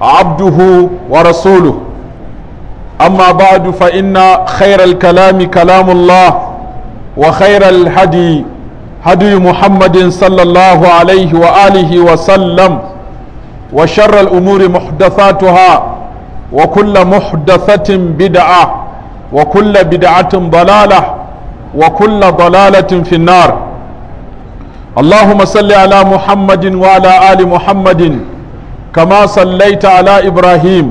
عبده ورسوله أما بعد فإن خير الكلام كلام الله وخير الهدي هدي محمد صلى الله عليه وآله وسلم وشر الأمور محدثاتها وكل محدثة بدعة وكل بدعة ضلالة وكل ضلالة في النار اللهم صل على محمد وعلى آل محمد محمد كما صليت على إبراهيم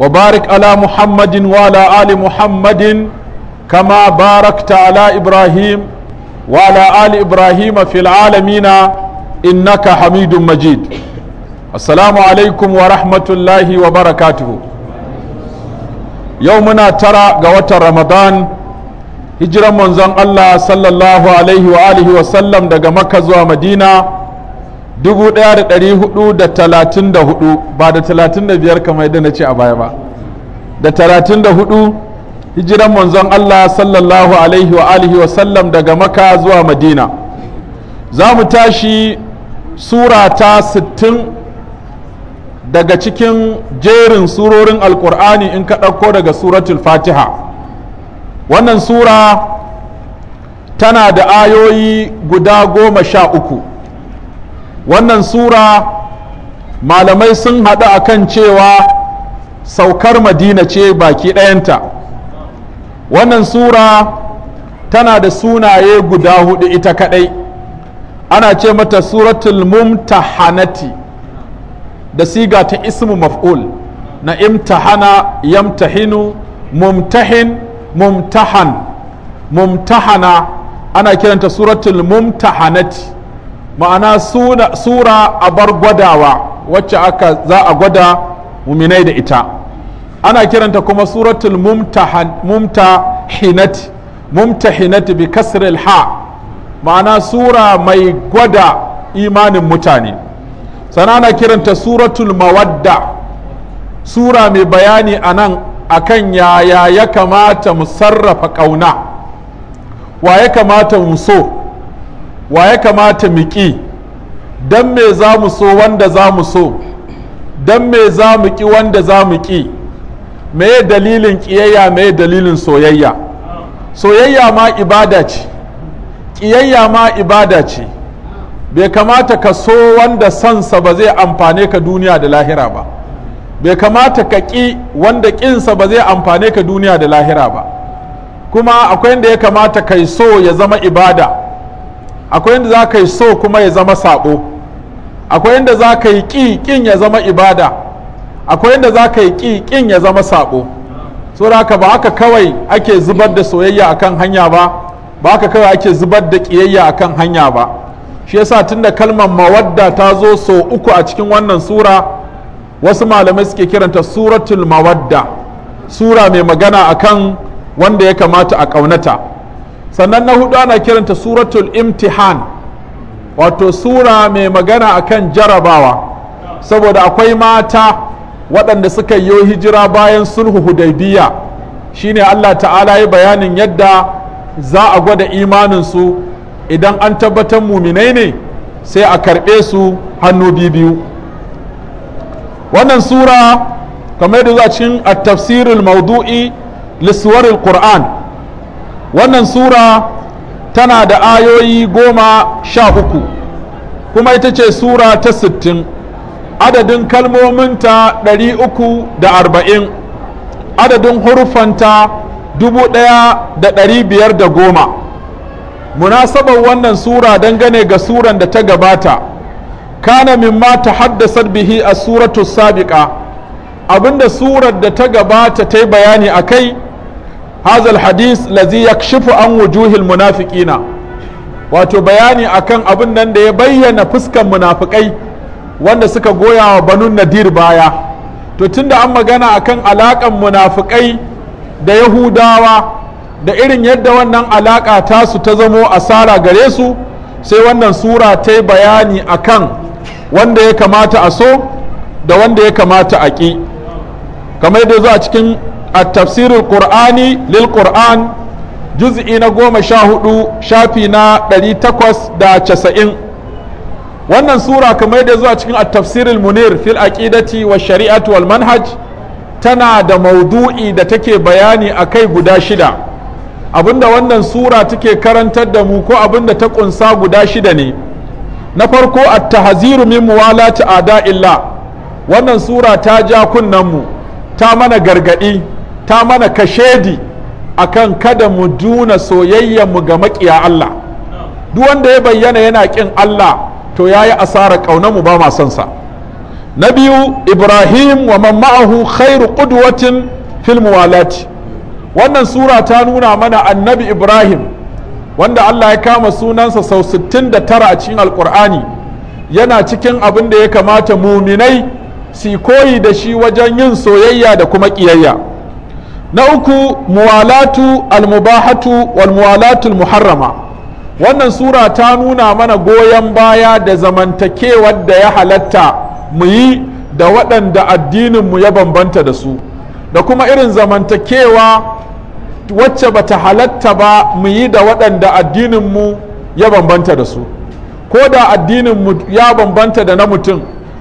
وبارك على محمد وعلى آل محمد كما باركت على إبراهيم وعلى آل إبراهيم في العالمين إنك حميد مجيد السلام عليكم ورحمة الله وبركاته يومنا ترى قوات رمضان hijiran manzon Allah sallallahu alaihi wa alihi wa sallam daga Makka zuwa Madina 1434 ba da 35 kamar yadda na ce a baya ba da 34 hijiran manzon Allah sallallahu alaihi wa alihi wa sallam daga maka zuwa madina za mu tashi sura ta 60 daga cikin jerin surorin alkur'ani in ka ɗauko daga suratul fatiha wannan sura tana da ayoyi guda goma sha uku wannan sura malamai sun haɗu a kan cewa saukar madina ce baki ɗayanta wannan sura tana da sunaye guda hudu ita kaɗai ana ce mata suratul mumtahanati da siga ta ismu maf'ul na imtahana yamtahinu mumtahin mumtahan mumtahana ana kiranta suratul mumtahanati ma'ana sura a bar gwadawa wacce aka za a gwada muminai da ita ana kiranta kuma suratul mumtahinati mumtahinati bi kasril ha ma'ana sura mai gwada imanin mutane sana ana kiranta suratul mawadda sura mai bayani a nan akan yaya ya kamata mu sarrafa ƙauna wa ya kamata mu so wa ya kamata mu ƙi don me za mu so wanda za mu so don me za mu ƙi wanda za mu ƙi yi dalilin ƙiyayya yi dalilin soyayya soyayya ma ibada ce ƙiyayya ma ibada ce bai kamata ka so wanda sansa ba zai amfane ka duniya da lahira ba bai kamata ka ƙi wanda ƙinsa ba zai amfane ka duniya da lahira ba kuma akwai da ya kamata ka so ya zama ibada akwai inda za ka yi so kuma ya zama saɓo akwai inda za ka yi ƙi ƙin ya zama ibada akwai inda za ka yi ƙi ƙin ya zama saɓo saboda haka ba haka kawai ake zubar da soyayya akan hanya ba ba haka kawai ake zubar da ƙiyayya akan hanya ba shi yasa tunda kalmar mawadda ta zo so uku a cikin wannan sura wasu malamai suke kiranta suratul mawadda sura mai magana akan wanda ya kamata a ƙaunata sannan na hudu ana kiranta suratul imtihan wato sura mai magana akan jarabawa saboda akwai mata waɗanda suka yi hijira bayan sulhu hudaybiya shine Allah ta'ala yi bayanin yadda za a gwada imaninsu idan an tabbatar muminai ne sai a karɓe su hannu biyu wannan sura kamar da za cikin a tafsirul mawdu'i liswaril qur'an wannan sura tana da ayoyi goma sha uku kuma ita ce sura ta sittin adadin kalmominta ɗari uku da arba'in adadin hurufanta dubu ɗaya da ɗari biyar da goma munasabar wannan sura dangane ga suran da ta gabata kana mimma ta haddasa bihi a suratu sabiƙa abinda surar da ta gabata ta yi bayani a kai هذا الحديث lazi يكشف an wujuhil المنافقين wato bayani akan abin nan da ya bayyana fuskan munafikai wanda suka goya wa banun nadir baya to tunda an magana akan alakan munafikai da yahudawa da irin yadda wannan alaƙa tasu ta zamo asara gare su sai wannan sura ta bayani akan wanda ya kamata a so da wanda ya kamata a ƙi kamar da zuwa cikin a tafsirin qur'ani lil qur'an juz'i na goma sha hudu shafi na ɗari takwas da casa'in wannan sura kamar da zuwa cikin at-tafsirul munir fil aqidati wa shari'atu wal manhaj tana da maudu'i da take bayani a kai guda shida abinda wannan sura take karantar da mu ko abinda ta kunsa guda shida ne na farko at-tahziru min muwalati illa wannan sura ta ja kunnen mu ta mana gargadi ta mana kashedi akan kada mu duna soyayyan mu ga makiya Allah duk wanda ya bayyana yana kin Allah to yayi asara kauna mu ba ma son na biyu Ibrahim wa man ma'ahu khairu qudwatin fil muwalati wannan sura ta nuna mana annabi Ibrahim wanda Allah ya kama sunansa sau 69 a cikin alkur'ani yana cikin abin da ya kamata muminai si koyi da shi wajen yin soyayya da kuma ƙiyayya. na uku muwalatu almubahatu walmuwalatu Muharrama, wannan sura ta nuna mana goyon baya da zamantakewar da ya halatta mu yi da waɗanda addininmu ya bambanta da su da kuma irin zamantakewa wacce ba ta halatta ba mu yi da waɗanda addininmu ya bambanta da su ko da addininmu ya bambanta da na mutum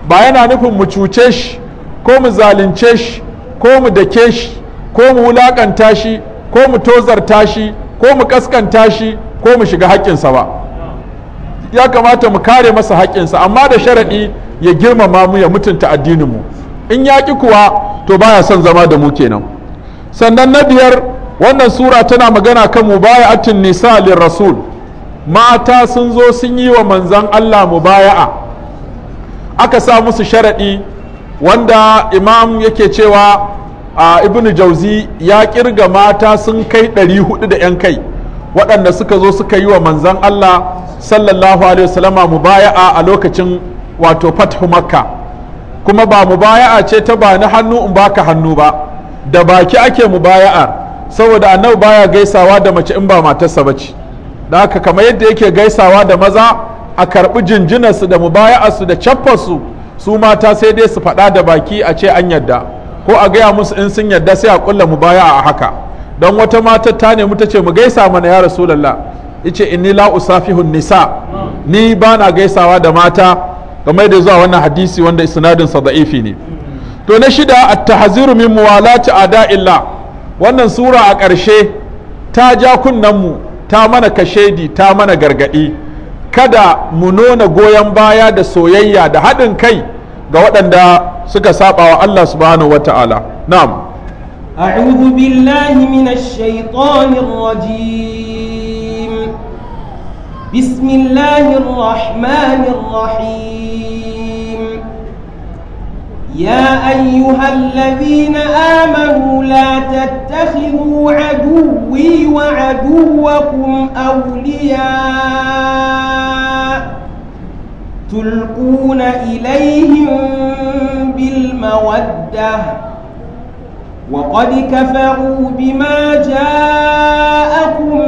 ba yana nufin mu cuce shi ko mu zalunce shi ko mu dake shi ko mu wulakanta shi ko mu tozarta shi ko mu kaskanta shi ko mu shiga haƙƙinsa ba ya kamata mu kare masa haƙƙinsa amma da sharaɗi ya girmama mu ya mutunta addininmu in ya ƙi kuwa to baya son zama da mu kenan sannan na biyar wannan sura tana magana kan mu baya atin nisa lil rasul mata sun zo sun yi wa manzan Allah mu mubaya'a aka sa musu sharaɗi wanda imam yake cewa a Ibn jauzi ya kirga mata sun kai 400 da 'yan kai waɗanda suka zo suka yi wa manzan Allah sallallahu alaihi wasallama mubaya'a a lokacin wato fathu makka kuma ba mubaya'a ce ta ba ni hannu in baka hannu ba da baki ake mubaya'ar saboda a annabi baya gaisawa da mace in ba matarsa ce da haka kamar yadda yake gaisawa da maza a karɓi jinjinarsu da mubaya'arsu da capparsu su mata sai dai su faɗa da baki a ce an yadda ko a gaya musu in sun yarda sai a kulla mu baya a haka don wata mata ta nemi ta ce mu gaisa mana ya rasulullah yace inni la usafihun nisa ni ba na gaisawa da mata kamar da zuwa wannan hadisi wanda isnadin sa da'ifi ne to na shida at-tahziru min muwalati illa. wannan sura a ƙarshe ta ja kunnen mu ta mana kashedi ta mana gargadi kada mu nuna goyon baya da soyayya da haɗin kai ga waɗanda suka saɓa wa Allah subhanahu wa ta'ala na'am a'udhu billahi minash shaitanir rajim bismillahir rahmanir rahim ya ayyuhal ladina amanu la tattakhidhu aduwwi wa aduwwakum awliya تلقون إليهم بالمودة وقد كفروا بما جاءكم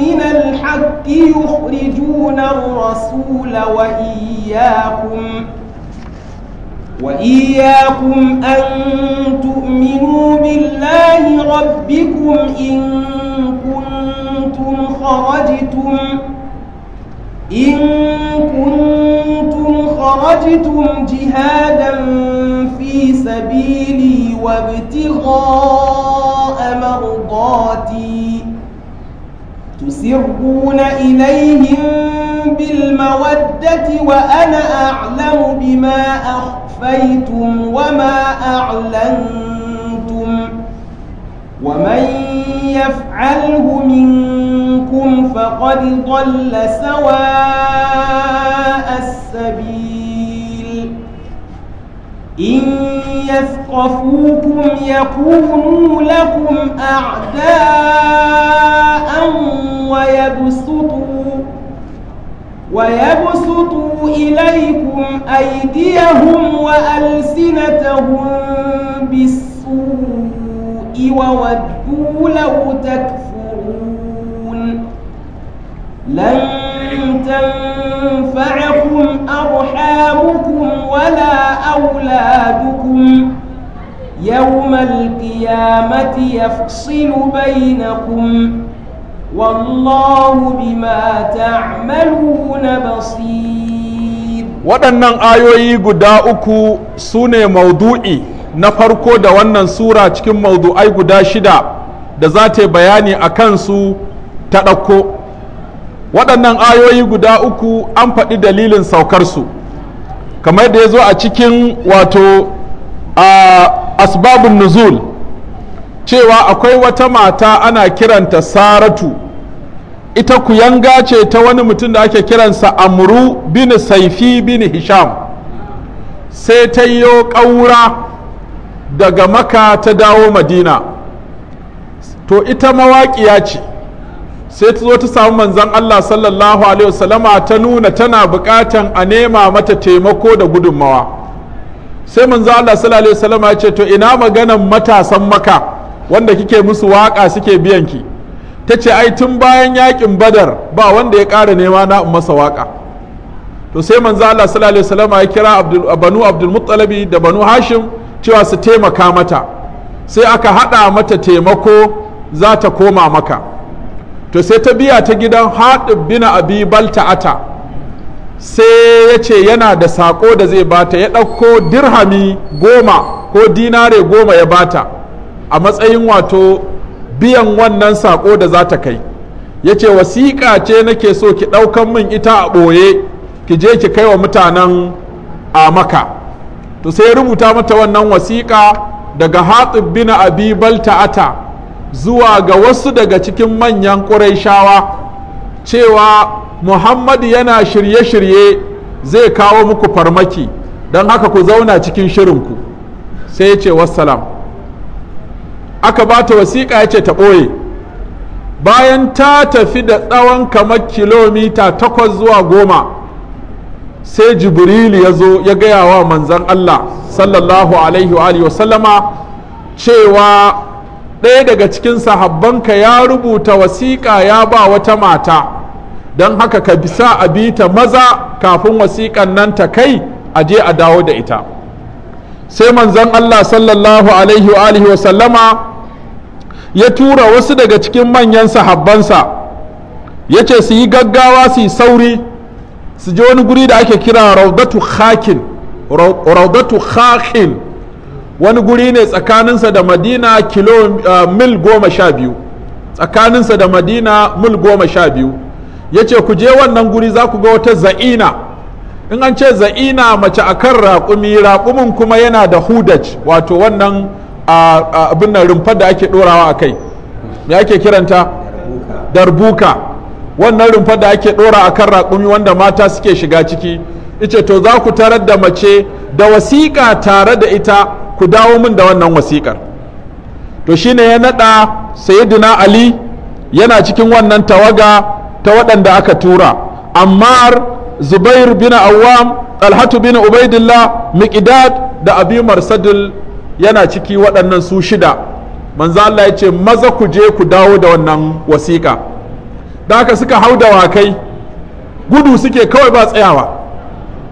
من الحق يخرجون الرسول وإياكم وإياكم أن تؤمنوا بالله ربكم إن كنتم خرجتم إن كنتم خرجتم جهادا في سبيلي وابتغاء مرضاتي تسرون إليهم بالمودة وأنا أعلم بما أخفيتم وما أعلنتم ومن يفعله منكم فقد ضل سواء السبيل إن يثقفوكم يكونوا لكم أعداء ويبسطوا ويبسطوا إليكم أيديهم وألسنتهم بالسوء وودوا لو تكفرون لن تنفعكم أرحامكم ولا أولادكم يوم القيامة waɗannan ayoyi guda uku su ne maudu'i na farko da wannan sura cikin maudu'ai guda shida da za ta bayani a kansu ta ɗauko waɗannan ayoyi guda uku an faɗi dalilin saukarsu kamar da ya zo a cikin wato a asbabun nuzul cewa akwai wata mata ana kiranta saratu ita kuyanga ce ta wani mutum da ake kiransa amuru bin saifi bin hisham sai ta yi ƙaura daga maka ta dawo madina to ita mawaƙiya ce sai ta zo ta samu manzan Allah sallallahu alaihi wasallama ta nuna tana bukatan a nema mata taimako da gudunmawa sai manzan Allah sallallahu alaihi wasallama ya ce to ina maganan matasan maka wanda kike musu waka suke biyan ki ta ce ai tun bayan yakin badar ba wanda ya ƙara nema na masa waka to sai manzan Allah sallallahu alaihi wasallama ya kira banu abdul da banu hashim cewa su taimaka mata sai aka hada mata taimako za ta koma maka to sai ta biya ta gidan haɗin bin abi balta'ata sai ya ce yana da saƙo da zai bata ya ɗauko dirhami goma ko dinare goma ya bata a matsayin wato biyan wannan saƙo da za ta kai ya ce wasiƙa ce nake so ki ɗaukan min ita a ɓoye ki je ki kai wa mutanen a maka to sai ya rubuta mata wannan wasiƙa daga haɗin bin abi balta'ata zuwa ga wasu daga cikin manyan ƙuraishawa cewa muhammadu yana shirye-shirye zai kawo muku farmaki don haka ku zauna cikin shirinku sai ya ce wassalam aka ba ta wasiƙa ya ce ta ɓoye bayan ta tafi da tsawon kamar kilomita takwas zuwa goma sai jibril ya zo ya gaya wa manzan allah sallallahu alaihi wa sallama cewa ɗaya daga cikin sahabbanka ya rubuta wasiƙa ya ba wata mata don haka ka bisa a bi ta maza kafin wasiƙan nan ta kai a je a dawo da ita sai manzon Allah sallallahu alaihi wa alihi wa sallama ya tura wasu daga cikin manyan sahabbansa ya ce su yi gaggawa su yi sauri su je wani guri da ake kira raudatu khakin raudatu khakin wani guri ne tsakaninsa da madina kilo uh, mil goma sha biyu tsakaninsa da madina mil goma sha biyu ya ce ku je wannan guri za ku ga wata za'ina in an ce za'ina mace a kan raƙumi raƙumin kuma yana da hudaj wato wannan uh, uh, abin nan rumfar da ake ɗorawa a kai me ake kiranta darbuka wannan rumfar da ake ɗora a kan raƙumi wanda mata suke shiga ciki ice to za ku tarar da mace da wasiƙa tare da ita ku dawo min da wannan wasiƙar to shine ya naɗa sayyidina ali yana cikin wannan tawaga ta waɗanda aka tura ammar zubair bin awam alhatu bin ubaidillah Miƙidad da abi marsadul yana ciki waɗannan su shida Manza Allah ya ce maza ku je ku dawo da wannan wasiƙa da haka suka hau dawakai gudu suke kawai ba tsayawa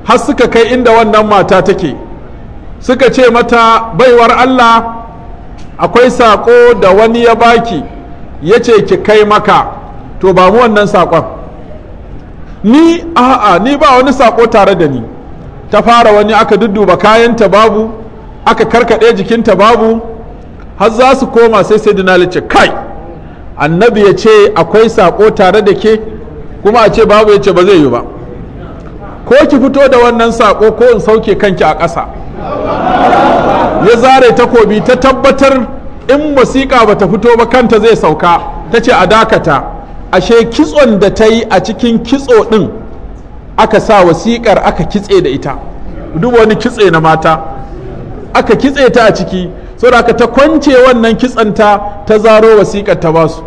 har suka kai inda wannan mata take suka ce mata baiwar Allah akwai saƙo da wani ya baki ya ce ki kai maka to ba mu wannan saƙon ni a'a ni ba wani saƙo tare da ni ta fara wani aka dudduba kayanta babu aka karkaɗe jikinta babu har za su koma sai sai dinali ce kai annabi ya ce akwai saƙo tare da ke kuma a ce babu ya ce ba zai yi ba ko ki fito da wannan saƙo ko in sauke kanki a ƙasa ya zare takobi ta tabbatar in wasiƙa ba ta fito ba kanta zai sauka ta ce a dakata ashe kitson da ta yi a cikin kitso ɗin aka sa wasiƙar aka kitse da ita duk wani kitse na mata aka kitse ta a ciki saboda ta kwance wannan kitsanta ta zaro wasiƙar ta basu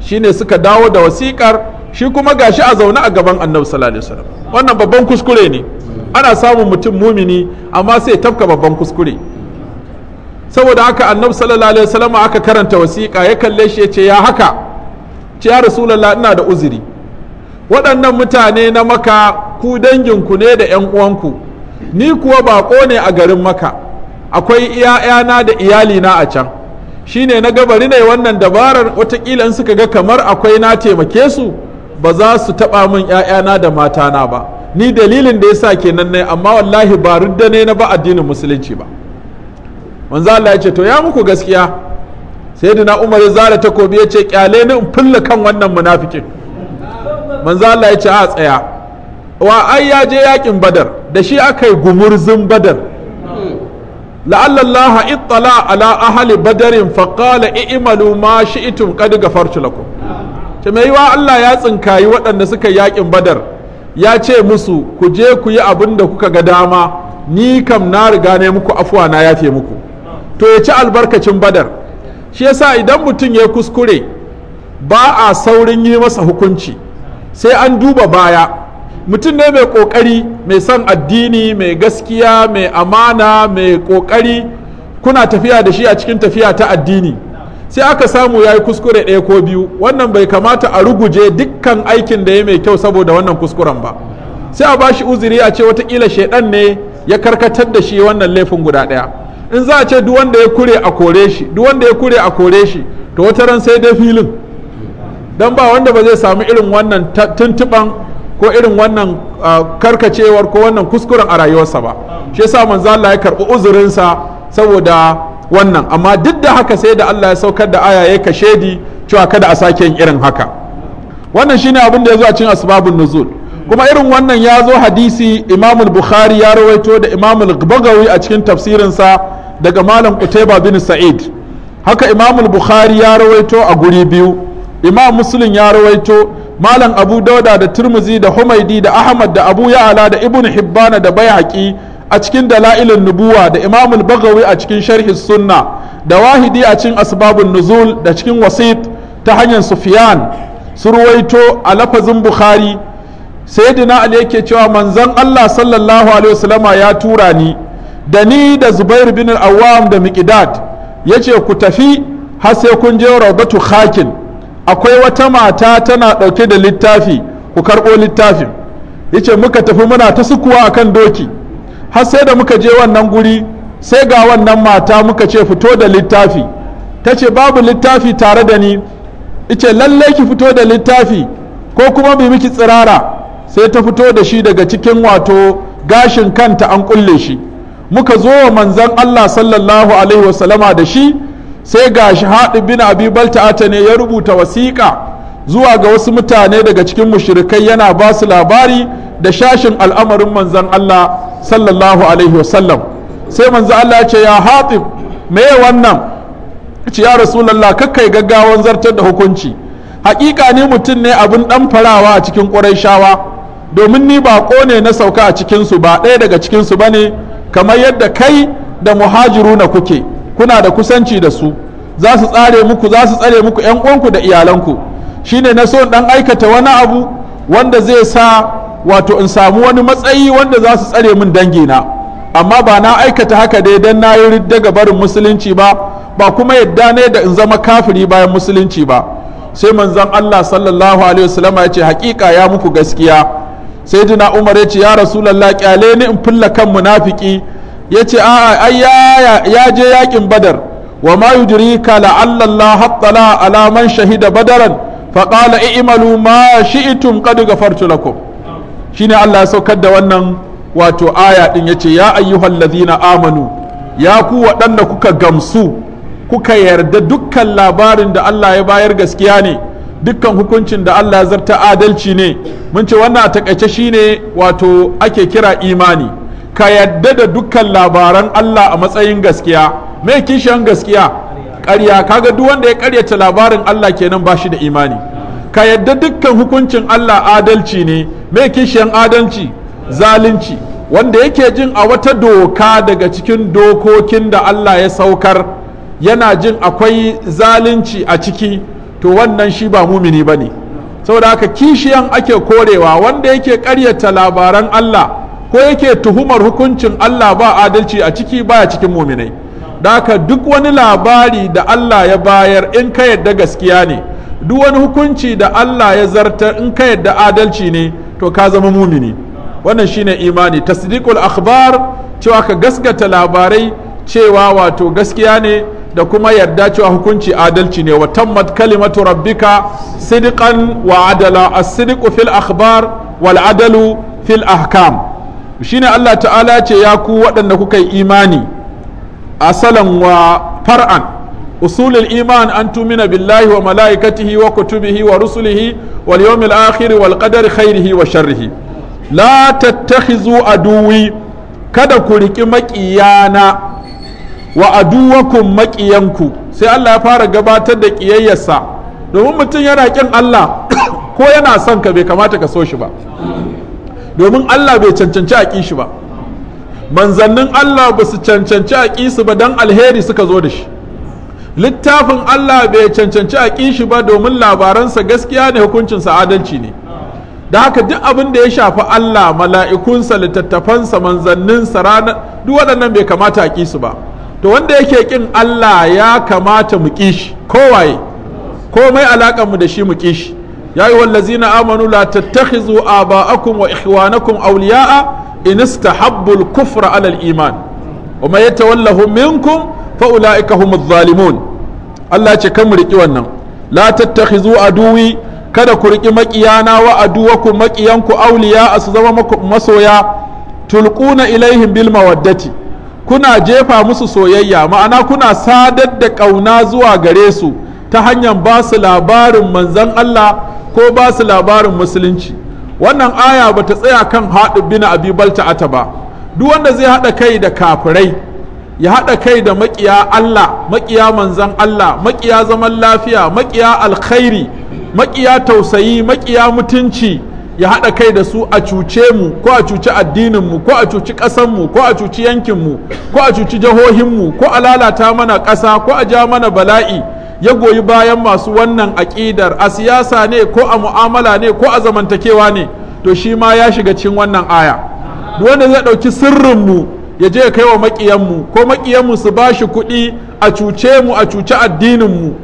shine suka dawo da wasiƙar shi kuma gashi a zaune a gaban annabi sallallahu alaihi wasallam wannan babban kuskure ne ana samun mutum mumini amma sai tafka babban kuskure saboda haka annabi sallallahu alaihi wasallam aka karanta wasiƙa ya kalle shi ya ce ya haka ce ya rasulullah ina da uzuri waɗannan mutane na maka ku danginku ne da yan uwanku ni kuwa baƙo ne a garin maka akwai 'ya'yana da iyali na a can shine na gabari ne wannan dabarar watakila in suka ga kamar akwai na taimake su ba za su taɓa min 'ya'yana da matana ba ni dalilin da ya sa kenan ne amma wallahi ba rudda ne na ba addinin musulunci ba manzo Allah ya ce to ya muku gaskiya sai da Umar ya zara takobi ya ce kyale ni in fulla kan wannan munafikin manzo Allah ya ce a tsaya wa ai ya je yakin badar da shi aka yi gumurzun badar la'alla Allah ittala ala ahli badarin fa qala i'malu ma shi'tum qad ghafartu lakum ta mai wa Allah ya tsinkayi waɗanda suka yakin badar ya ce musu ku je ku yi abin da kuka ga dama ni kam na riga ne muku afuwa na yafe muku to ya ci albarkacin badar shi yasa idan mutum ya kuskure ba a saurin yi masa hukunci sai an duba baya mutum ne mai kokari mai son addini mai gaskiya mai amana mai kokari kuna tafiya da shi a cikin tafiya ta addini sai aka samu ya yi kuskure ɗaya ko biyu wannan bai kamata a ruguje dukkan aikin da ya mai kyau saboda wannan kuskuren ba sai a bashi uzuri a ce watakila shaidan ne ya karkatar da shi wannan laifin guda ɗaya in za a ce duk wanda ya kure a kore shi duk wanda ya kure a kore shi to wata ran sai dai filin dan ba wanda ba zai samu irin wannan tuntuban ko irin wannan ah, karkacewar ko wannan kuskuren a rayuwarsa ba shi yasa manzo Allah ya karɓi uzurinsa saboda wannan amma duk da haka sai da Allah ya saukar da aya ya kashe di cewa kada a sake yin irin haka wannan shine abin da ya zo a cikin asbabun nuzul kuma irin wannan ya zo hadisi imamul bukhari ya rawaito da imamul bagawi a cikin tafsirinsa daga malam Kuteba bin sa'id haka imamul bukhari ya rawaito a guri biyu imam muslim ya rawaito malam abu dauda da turmuzi da humaidi da ahmad da abu ya'ala da ibn hibbana da bai a cikin dala'ilin nubuwa da imamul bagawi a cikin sharhi sunna da wahidi a cikin asbabun nuzul da cikin wasit ta hanyar sufiyan su ruwaito a lafazin bukhari sayyidina ali yake cewa manzon allah sallallahu alaihi wasallama ya tura ni da ni da zubair bin awam da miqdad yace ku tafi har sai kun je rawdatu khakin akwai wata mata tana dauke da littafi ku karbo littafin yace muka tafi muna ta sukuwa akan doki har sai da muka je wannan guri sai ga wannan mata muka ce fito da littafi ta ce babu littafi tare da ni ice lalle ki fito da littafi ko kuma bi miki tsirara sai ta fito da shi daga cikin wato gashin kanta an kulle shi muka zo wa manzan Allah sallallahu alaihi wasallama da shi sai ga shi haɗi bin abi balta'ata ne ya rubuta wasiƙa zuwa ga wasu mutane daga cikin mushrikai yana ba su labari da shashin al'amarin manzan Allah sallallahu alaihi wasallam sai manzan Allah ya ce ya hatib me wannan ce ya rasulallah kakkai gaggawan zartar da hukunci hakika ni mutum ne abin ɗan farawa a cikin shawa, domin ni baƙo ne na sauka a cikinsu ba ɗaya daga cikinsu ba ne kamar yadda kai da muhajiru na kuke kuna da kusanci da su za su tsare muku za su tsare muku yan uwanku da iyalanku shine na so ɗan aikata wani abu wanda zai sa wato in samu wani matsayi wanda za su tsare min dangina amma ba na aikata haka dai dan na yi daga barin musulunci ba ba kuma yadda ne da in zama kafiri bayan musulunci ba sai manzon Allah sallallahu alaihi wasallam ya ce hakika ya muku gaskiya sayyidina Umar ya ce ya rasulullah kyale ni in fulla kan munafiki ya ce a'a ai ya je yakin badar wa ma yudrika la'alla Allah hattala ala man shahida badaran faqala i'malu ma shi'tum qad ghafartu lakum shine Allah ya saukar da wannan wato aya din ya ce ya ayyuhallazina amanu ya ku waɗanda kuka gamsu kuka yarda dukkan labarin da Allah ya bayar gaskiya ne dukkan hukuncin da Allah ya zarta adalci ne mun ce wannan a takaice shine wato ake kira imani ka yarda da dukkan labaran Allah a matsayin gaskiya me kishiyan gaskiya ƙarya kaga duk wanda ya ƙaryata labarin Allah kenan ba shi da imani ka yadda dukkan hukuncin Allah adalci ne mai kishiyan adalci zalunci wanda yake jin a wata doka daga cikin dokokin da Allah ya saukar yana jin akwai zalunci a ciki to wannan shi ba mumini ba ne saboda haka kishiyan ake korewa wanda yake karyata labaran Allah ko yake tuhumar hukuncin Allah ba adalci a ciki baya cikin muminai da haka duk wani labari da Allah ya bayar in ka yadda gaskiya ne duk wani hukunci da Allah ya zartar in ka yadda adalci ne to ka zama mumini wannan shine imani tasdiqul akhbar cewa ka gaskata labarai cewa wato gaskiya ne da kuma yarda cewa hukunci adalci ne wa tammat kalimatu rabbika sidqan wa adala as-sidqu fil akhbar wal adalu fil ahkam shine Allah ta'ala ce ya ku waɗanda kuka yi imani asalan wa far'an usulul iman an tumina billahi wa malaikatihi wa kutubihi wa rusulihi wal yawmil akhir wal qadari khairihi wa sharrihi la tattakhizu aduwi kada ku riƙi maƙiyana wa aduwakum maƙiyanku sai Allah ya fara gabatar da ƙiyayyarsa domin mutum yana ƙin Allah ko yana son ka bai kamata ka so shi ba domin Allah bai cancanci a ƙi shi ba manzannin Allah ba su cancanci a ƙi su ba don alheri suka zo da shi littafin Allah bai cancanci a ba domin labaransa gaskiya ne hukuncinsa adalci ne da haka duk abin da ya shafi Allah mala'ikunsa littattafansa manzanninsa ranar duk waɗannan bai kamata a kisu ba to wanda yake kin Allah ya kamata mu ƙi ko kowaye komai mu da shi mu kishi ya yi wallazina amanu la tattakhizu aba'akum wa ikhwanakum awliya'a in istahabbu al-kufra alal iman wa may yatawallahum minkum fa ulaika humudh zalimun Allah ce kan mu riƙi wannan la tattakhizu aduwi kada ku riƙi maƙiyana wa aduwakum maƙiyanku auliya a su zama masoya tulquna ilaihim bil mawaddati kuna jefa musu soyayya ma'ana kuna sadar da ƙauna zuwa gare su ta hanyar ba su labarin manzon Allah ko ba su labarin musulunci wannan aya bata tsaya kan haɗu bin abi balta ata ba duk wanda zai haɗa kai da kafirai ya haɗa kai da maƙiya Allah maƙiya manzan Allah maƙiya zaman lafiya maƙiya alkhairi maƙiya tausayi maƙiya mutunci ya haɗa kai da su a cuce mu ko a cuci addininmu ko a cuci ƙasanmu ko a cuci yankin mu ko a cuci jihohinmu ko a lalata mana ƙasa ko a ja mana bala'i ya goyi bayan masu wannan aƙidar a siyasa ne ko a mu'amala ne ko a zamantakewa ne to shi ma ya shiga cikin wannan aya wanda zai ɗauki mu. ya je ya kai wa maƙiyanmu ko maƙiyanmu su ba shi kuɗi a cuce mu a cuce addininmu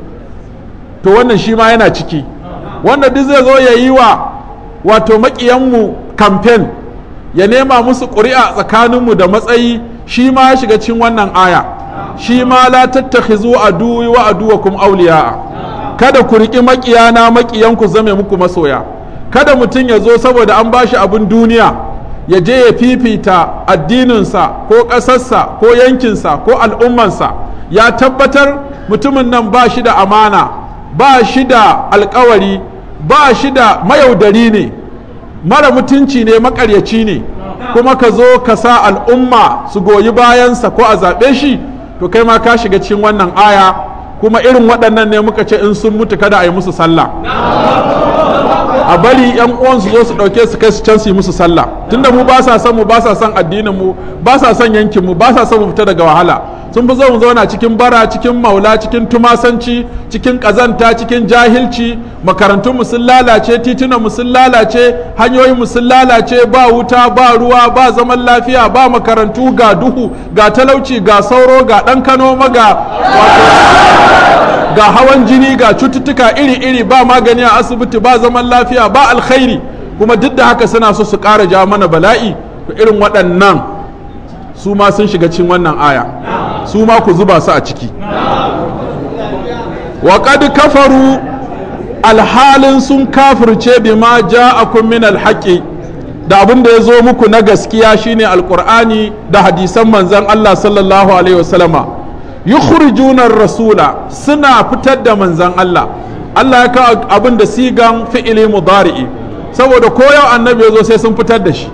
to wannan shi ma yana ciki wanda duk zai zo ya yi wa wato maƙiyanmu kamfen ya nema musu ƙuri'a tsakaninmu da matsayi shi ma ya shiga cikin wannan aya shi ma la tattakhizu aduwi wa aduwakum awliya'a kada ku riƙi maƙiyana maƙiyanku zame muku masoya kada mutum ya zo saboda an bashi abin duniya ya je ya fifita addininsa ko ƙasarsa ko yankinsa ko al'ummansa ya tabbatar mutumin nan ba shi da amana ba shi da alkawari ba shi da mayaudari ne mara mutunci ne makaryaci ne kuma ka zo ka sa al'umma su goyi bayansa ko a zaɓe shi to kai ma ka shiga cikin wannan aya kuma irin waɗannan ne muka ce in sun mutu kada a yi musu sallah a bari yan uwan su zo su dauke su kai su can su yi musu sallah tunda mu ba sa son mu ba sa son addinin mu ba sa san yankin mu ba sa son mu fita daga wahala sun fi zo mu zauna cikin bara cikin maula cikin tumasanci cikin kazanta cikin jahilci makarantun sun lalace titunan mu sun lalace hanyoyin sun lalace ba wuta ba ruwa ba zaman lafiya ba makarantu ga duhu ga talauci ga sauro ga ɗan kano maga ga hawan jini ga cututtuka iri-iri ba magani a asibiti ba zaman lafiya ba alkhairi kuma duk da haka suna so su ƙara ja mana bala'i irin waɗannan su ma sun shiga cin wannan aya. su ma ku zuba su a ciki wa kafaru alhalin sun kafirce bima a min alhaƙi da abin da ya zo muku na gaskiya shine alƙur'ani da hadisan manzan Allah sallallahu alaihi wasallama yukhrijuna rasula suna fitar da manzan Allah Allah ya kawo abin da sigan fi'ili mudari'i saboda ko yau annabi ya zo sai sun fitar da shi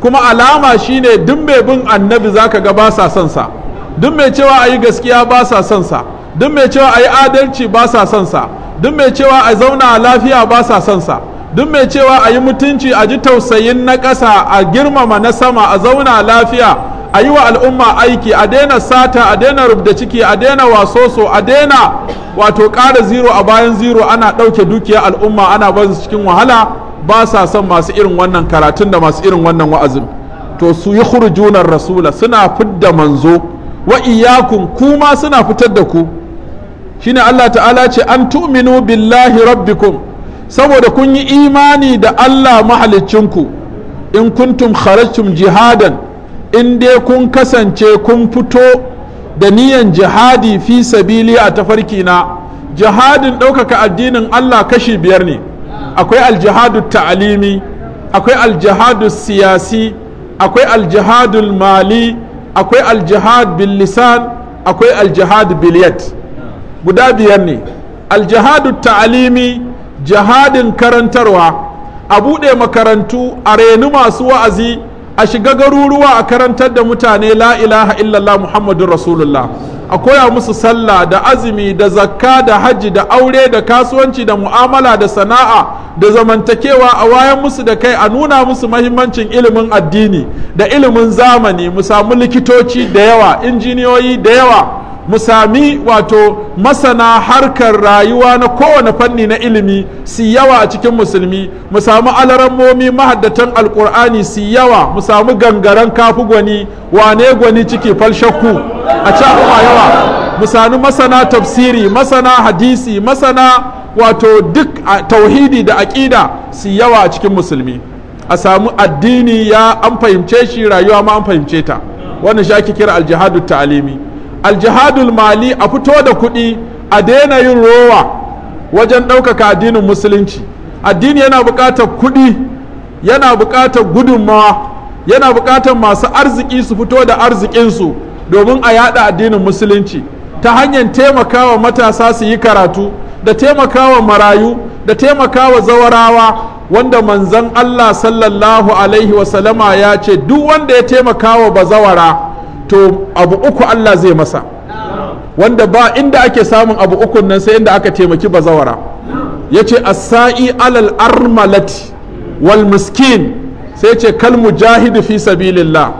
kuma alama shine duk mai bin annabi zaka ga ba sa son sa duk mai cewa a yi gaskiya ba sa son sa duk mai cewa a yi adalci ba sa son sa duk mai cewa a zauna lafiya ba sa son sa duk mai cewa a yi mutunci a ji tausayin na ƙasa a girmama na sama a zauna lafiya a yi wa al'umma aiki a daina sata a daina rubda ciki a daina wasoso a daina wato ƙara ziro a bayan ziro ana ɗauke dukiyar al'umma ana ba su cikin wahala ba sa son masu irin wannan karatun da masu irin wannan wa'azin to su yi hurjunar rasula suna fidda manzo wa iyakun kuma suna fitar da ku shine Allah ta'ala ce an tu'minu billahi rabbikum saboda kun yi imani da Allah mahalicinku in kuntum kharajtum jihadan in dai kun kasance kun fito da niyan jihadi fi sabili a tafarki na jihadin ɗaukaka addinin Allah kashi biyar ne akwai aljihadu ta'alimi akwai aljihadun siyasi akwai aljihadun mali akwai aljihad bil lisan akwai aljihad bil yad guda biyar ne aljihadu ta'alimi jihadin karantarwa a buɗe makarantu a reni masu wa'azi a shiga garuruwa a karantar da mutane la ilaha illallah muhammadun rasulullah a koya musu sallah da azumi da zakka da hajji da aure da kasuwanci da mu'amala da sana'a da zamantakewa a wayan musu da kai a nuna musu mahimmancin ilimin addini da ilimin zamani mu samu likitoci da yawa injiniyoyi da yawa mu sami wato masana harkar rayuwa na kowane fanni na ilimi su yawa a cikin musulmi mu samu alarammomi mahaddatan alkur'ani su yawa mu samu gangaren kafi gwani wane gwani ciki falshakku a ci yawa mu sami masana tafsiri masana hadisi masana wato duk tauhidi da aƙida su yawa a cikin musulmi a samu addini ya an fahimce shi rayuwa ma an fahimce ta wannan shi ake kira aljihadu ta'alimi aljihadul mali a fito da kuɗi a daina yin rowa wajen ɗaukaka addinin musulunci addini yana buƙatar kuɗi yana buƙatar gudunmawa yana buƙatar masu arziki su fito da arzikinsu domin a yada addinin musulunci ta hanyar taimakawa matasa su yi karatu da taimakawa marayu da taimakawa zawarawa wanda manzon Allah sallallahu alaihi wasallama ya ce duk wanda ya taimakawa bazawara to abu uku Allah zai masa wanda ba inda ake samun abu ukun nan sai inda aka taimaki bazawara ya ce sa'i alal armalati wal miskin sai ce kal mujahidu fi sabilillah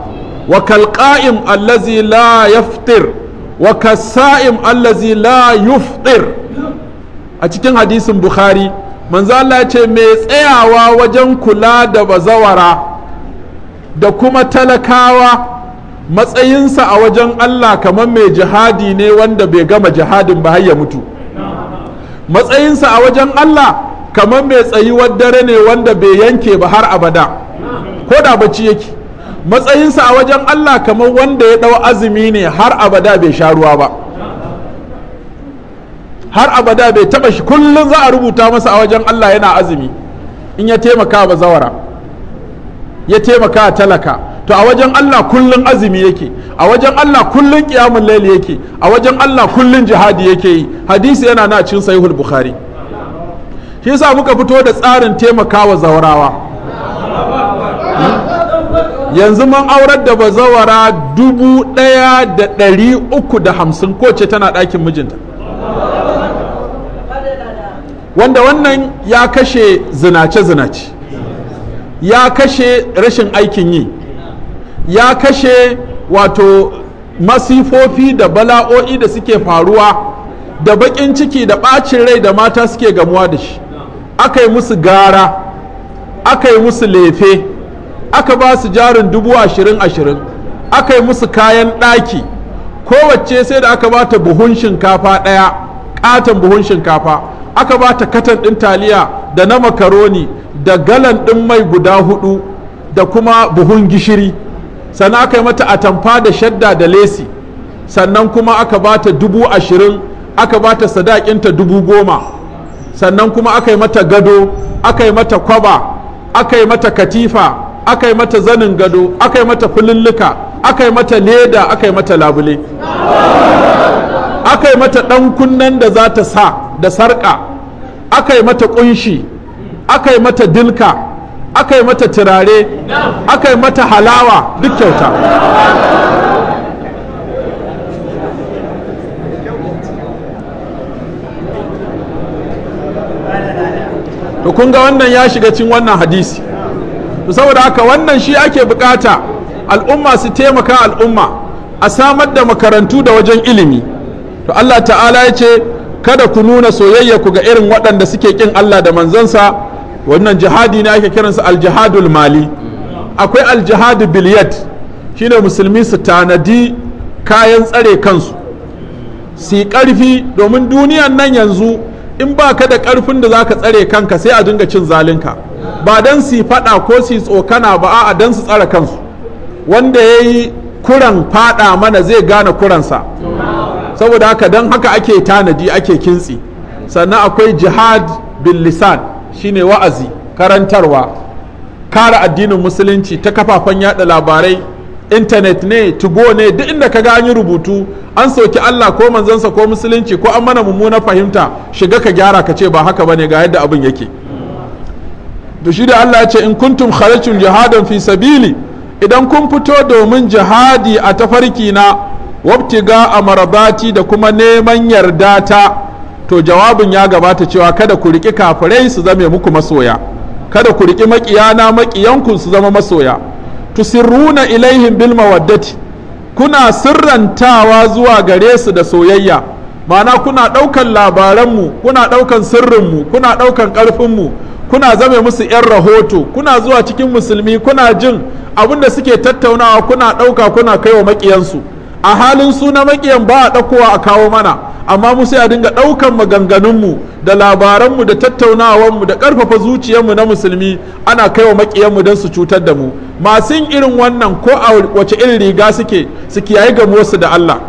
wa kal qa'im allazi la yaftir wa sa'im allazi la yuftir a cikin hadisin bukhari manzo Allah ya ce mai tsayawa wajen kula da bazawara da kuma talakawa matsayinsa a wajen Allah kamar mai jihadi ne wanda bai gama jihadin ba har ya mutu matsayinsa a wajen Allah kamar mai tsayuwar dare ne wanda bai yanke ba har abada ko da bacci yake matsayinsa a wajen Allah kamar wanda ya ɗau azumi ne har abada bai sha ruwa ba har abada bai taba shi kullum za a rubuta masa a wajen Allah yana azumi in ya taimaka ba zawara ya taimaka talaka to a wajen Allah kullun azumi yake a wajen Allah kullun kiyamun laili yake a wajen Allah kullun jihadi yake yi hadisi yana na cin sahihul bukhari shi yasa muka fito da tsarin taimakawa zawarawa yanzu mun aurar da bazawara dubu ɗaya da ɗari uku da hamsin kowace tana ɗakin mijinta wanda wannan ya kashe zinace-zinace ya kashe rashin aikin yi ya kashe wato masifofi da bala'o'i da suke faruwa da baƙin ciki da ɓacin rai da mata suke gamuwa da shi aka yi musu gara aka yi musu lefe aka ba su jarin dubu ashirin ashirin aka yi musu kayan ɗaki kowace sai da aka ba ta buhun shinkafa ɗaya ƙaton buhun shinkafa aka ba ta katan ɗin taliya da na makaroni da galan ɗin mai guda hudu da kuma buhun gishiri sannan aka yi mata atamfa da shadda da lesi sannan kuma aka ba ta dubu ashirin aka ba ta sadakinta dubu goma sannan kuma aka yi mata gado aka yi mata kwaba aka yi mata katifa aka yi mata zanin gado aka yi mata fululluka aka yi mata leda aka yi mata labule aka yi mata ɗan kunnen da za ta sa da sarƙa aka yi mata ƙunshi aka yi mata dilka aka yi mata turare aka yi mata halawa duk kyauta to kun ga wannan ya shiga cin wannan hadisi to saboda haka wannan shi ake bukata al'umma su taimaka al'umma a samar da makarantu da wajen ilimi to Allah ta'ala ya ce kada ku nuna soyayya ku ga irin waɗanda suke ƙin Allah da manzansa wannan jihadi ne ake kiransa aljihadul mali akwai aljihadu biliyat shine musulmi su tanadi kayan tsare kansu su yi ƙarfi domin duniyan nan yanzu in ba ka da ƙarfin da za ka tsare kanka sai a dinga cin zalinka ba don su faɗa ko su tsokana ba a don su tsare kansu wanda ya yi kuran faɗa mana zai gane kuransa saboda haka don haka ake tanadi ake kintsi sannan akwai jihad bil lisan shine wa'azi karantarwa kara addinin musulunci ta kafafen yada labarai intanet ne tugo ne duk inda ka ga rubutu an soki Allah ko manzansa ko musulunci ko an mana mummuna fahimta shiga ka gyara ka ce ba haka ba ne ga yadda abin yake da shi da Allah ce in kuntum kharajtum jihadan fi sabili idan kun fito domin jihadi a tafarki na wabtiga a marabati da kuma neman yarda ta to jawabin ya gabata cewa kada ku riƙi kafirai su zame muku masoya kada ku riƙi maƙiyana maƙiyanku su zama masoya tu sirruna ilaihim bil mawaddati kuna sirrantawa zuwa gare su da soyayya ma'ana kuna ɗaukan labaranmu kuna ɗaukan sirrinmu kuna ɗaukan ƙarfinmu kuna zame musu 'yan rahoto kuna zuwa cikin musulmi kuna jin abin da suke tattaunawa kuna ɗauka kuna kai wa maƙiyansu a halin suna maƙiyan ba a ɗaukowa a kawo mana amma mu sai a dinga ɗaukan maganganunmu da labaranmu da tattaunawanmu da ƙarfafa zuciyarmu na musulmi ana kai wa makiyanmu don su cutar da mu masu irin wannan ko a wace irin riga suke su kiyaye wasu da Allah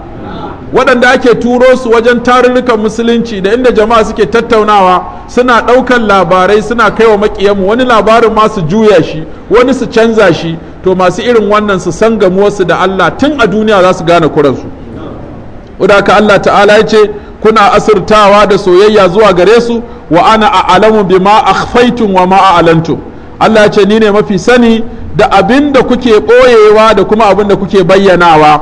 waɗanda ake turo su wajen tarurrukan musulunci da inda jama'a suke tattaunawa suna ɗaukan labarai suna kai wa maƙiyanmu wani labarin ma su juya shi wani su canza shi to masu irin wannan su san gamuwarsu da Allah tun a duniya za su gane kuransu ka Allah ta'ala ya ce kuna asirtawa da soyayya zuwa gare su wa ana a'lamu bima faitun wa ma a'lantum Allah ya ce ni ne mafi sani da abin da kuke ɓoyewa da kuma abin da kuke bayyanawa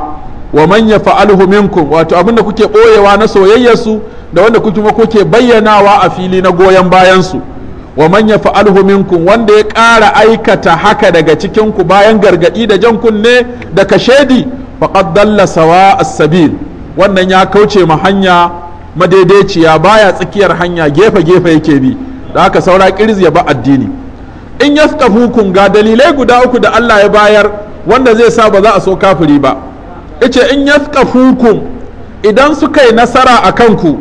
wa man fa'alhu minkum wato abin da kuke ɓoyewa na soyayyarsu da wanda kuke bayyanawa a fili na goyon bayansu wa manya fa'alhu minkum wanda ya ƙara aikata haka daga cikin ku bayan gargaɗi da jan kunne da kashedi faqad dalla sawa as-sabil wannan ya kauce ma hanya madaidaiciya baya tsakiyar hanya gefe gefe yake bi da haka saura kirz ya ba addini in yafqahukum ga dalilai guda uku da Allah ya bayar wanda zai sa ba za a so kafiri ba ice in yafqahukum idan suka yi nasara a kanku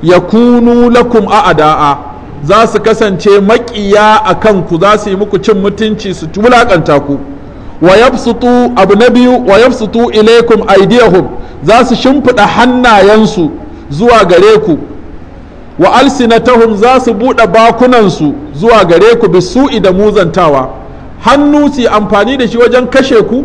yakunu lakum a'da'a za su kasance maƙiya a kanku za su yi muku cin mutunci su wulaƙanta ku wa yabsutu abu na biyu wa yabsutu ilaikum aydiyahum za su shimfiɗa hannayensu zuwa gare ku wa alsinatahum za su buɗe bakunansu zuwa gare ku bisu'i da muzantawa hannu su amfani da shi wajen kashe ku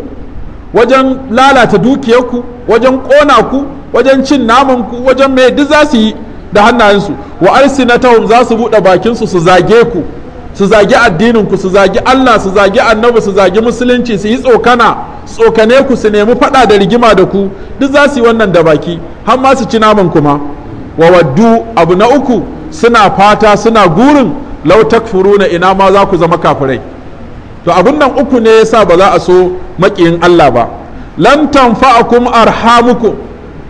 wajen lalata dukiyarku wajen ƙona ku wajen cin namanku wajen mai duk za su yi da hannayensu wa tahum za su buɗe bakinsu su zage ku su zage addininku su zage Allah su zage annabi su zage musulunci su yi tsokana tsokane ku su nemi faɗa da rigima da ku duk za su yi wannan da baki har ma su ci naman kuma wa waddu abu na uku suna fata suna gurin lau takfuruna ina ma za ku zama kafirai to abun nan uku ne yasa ba za a so maƙiyin Allah ba lam tanfa'akum arhamukum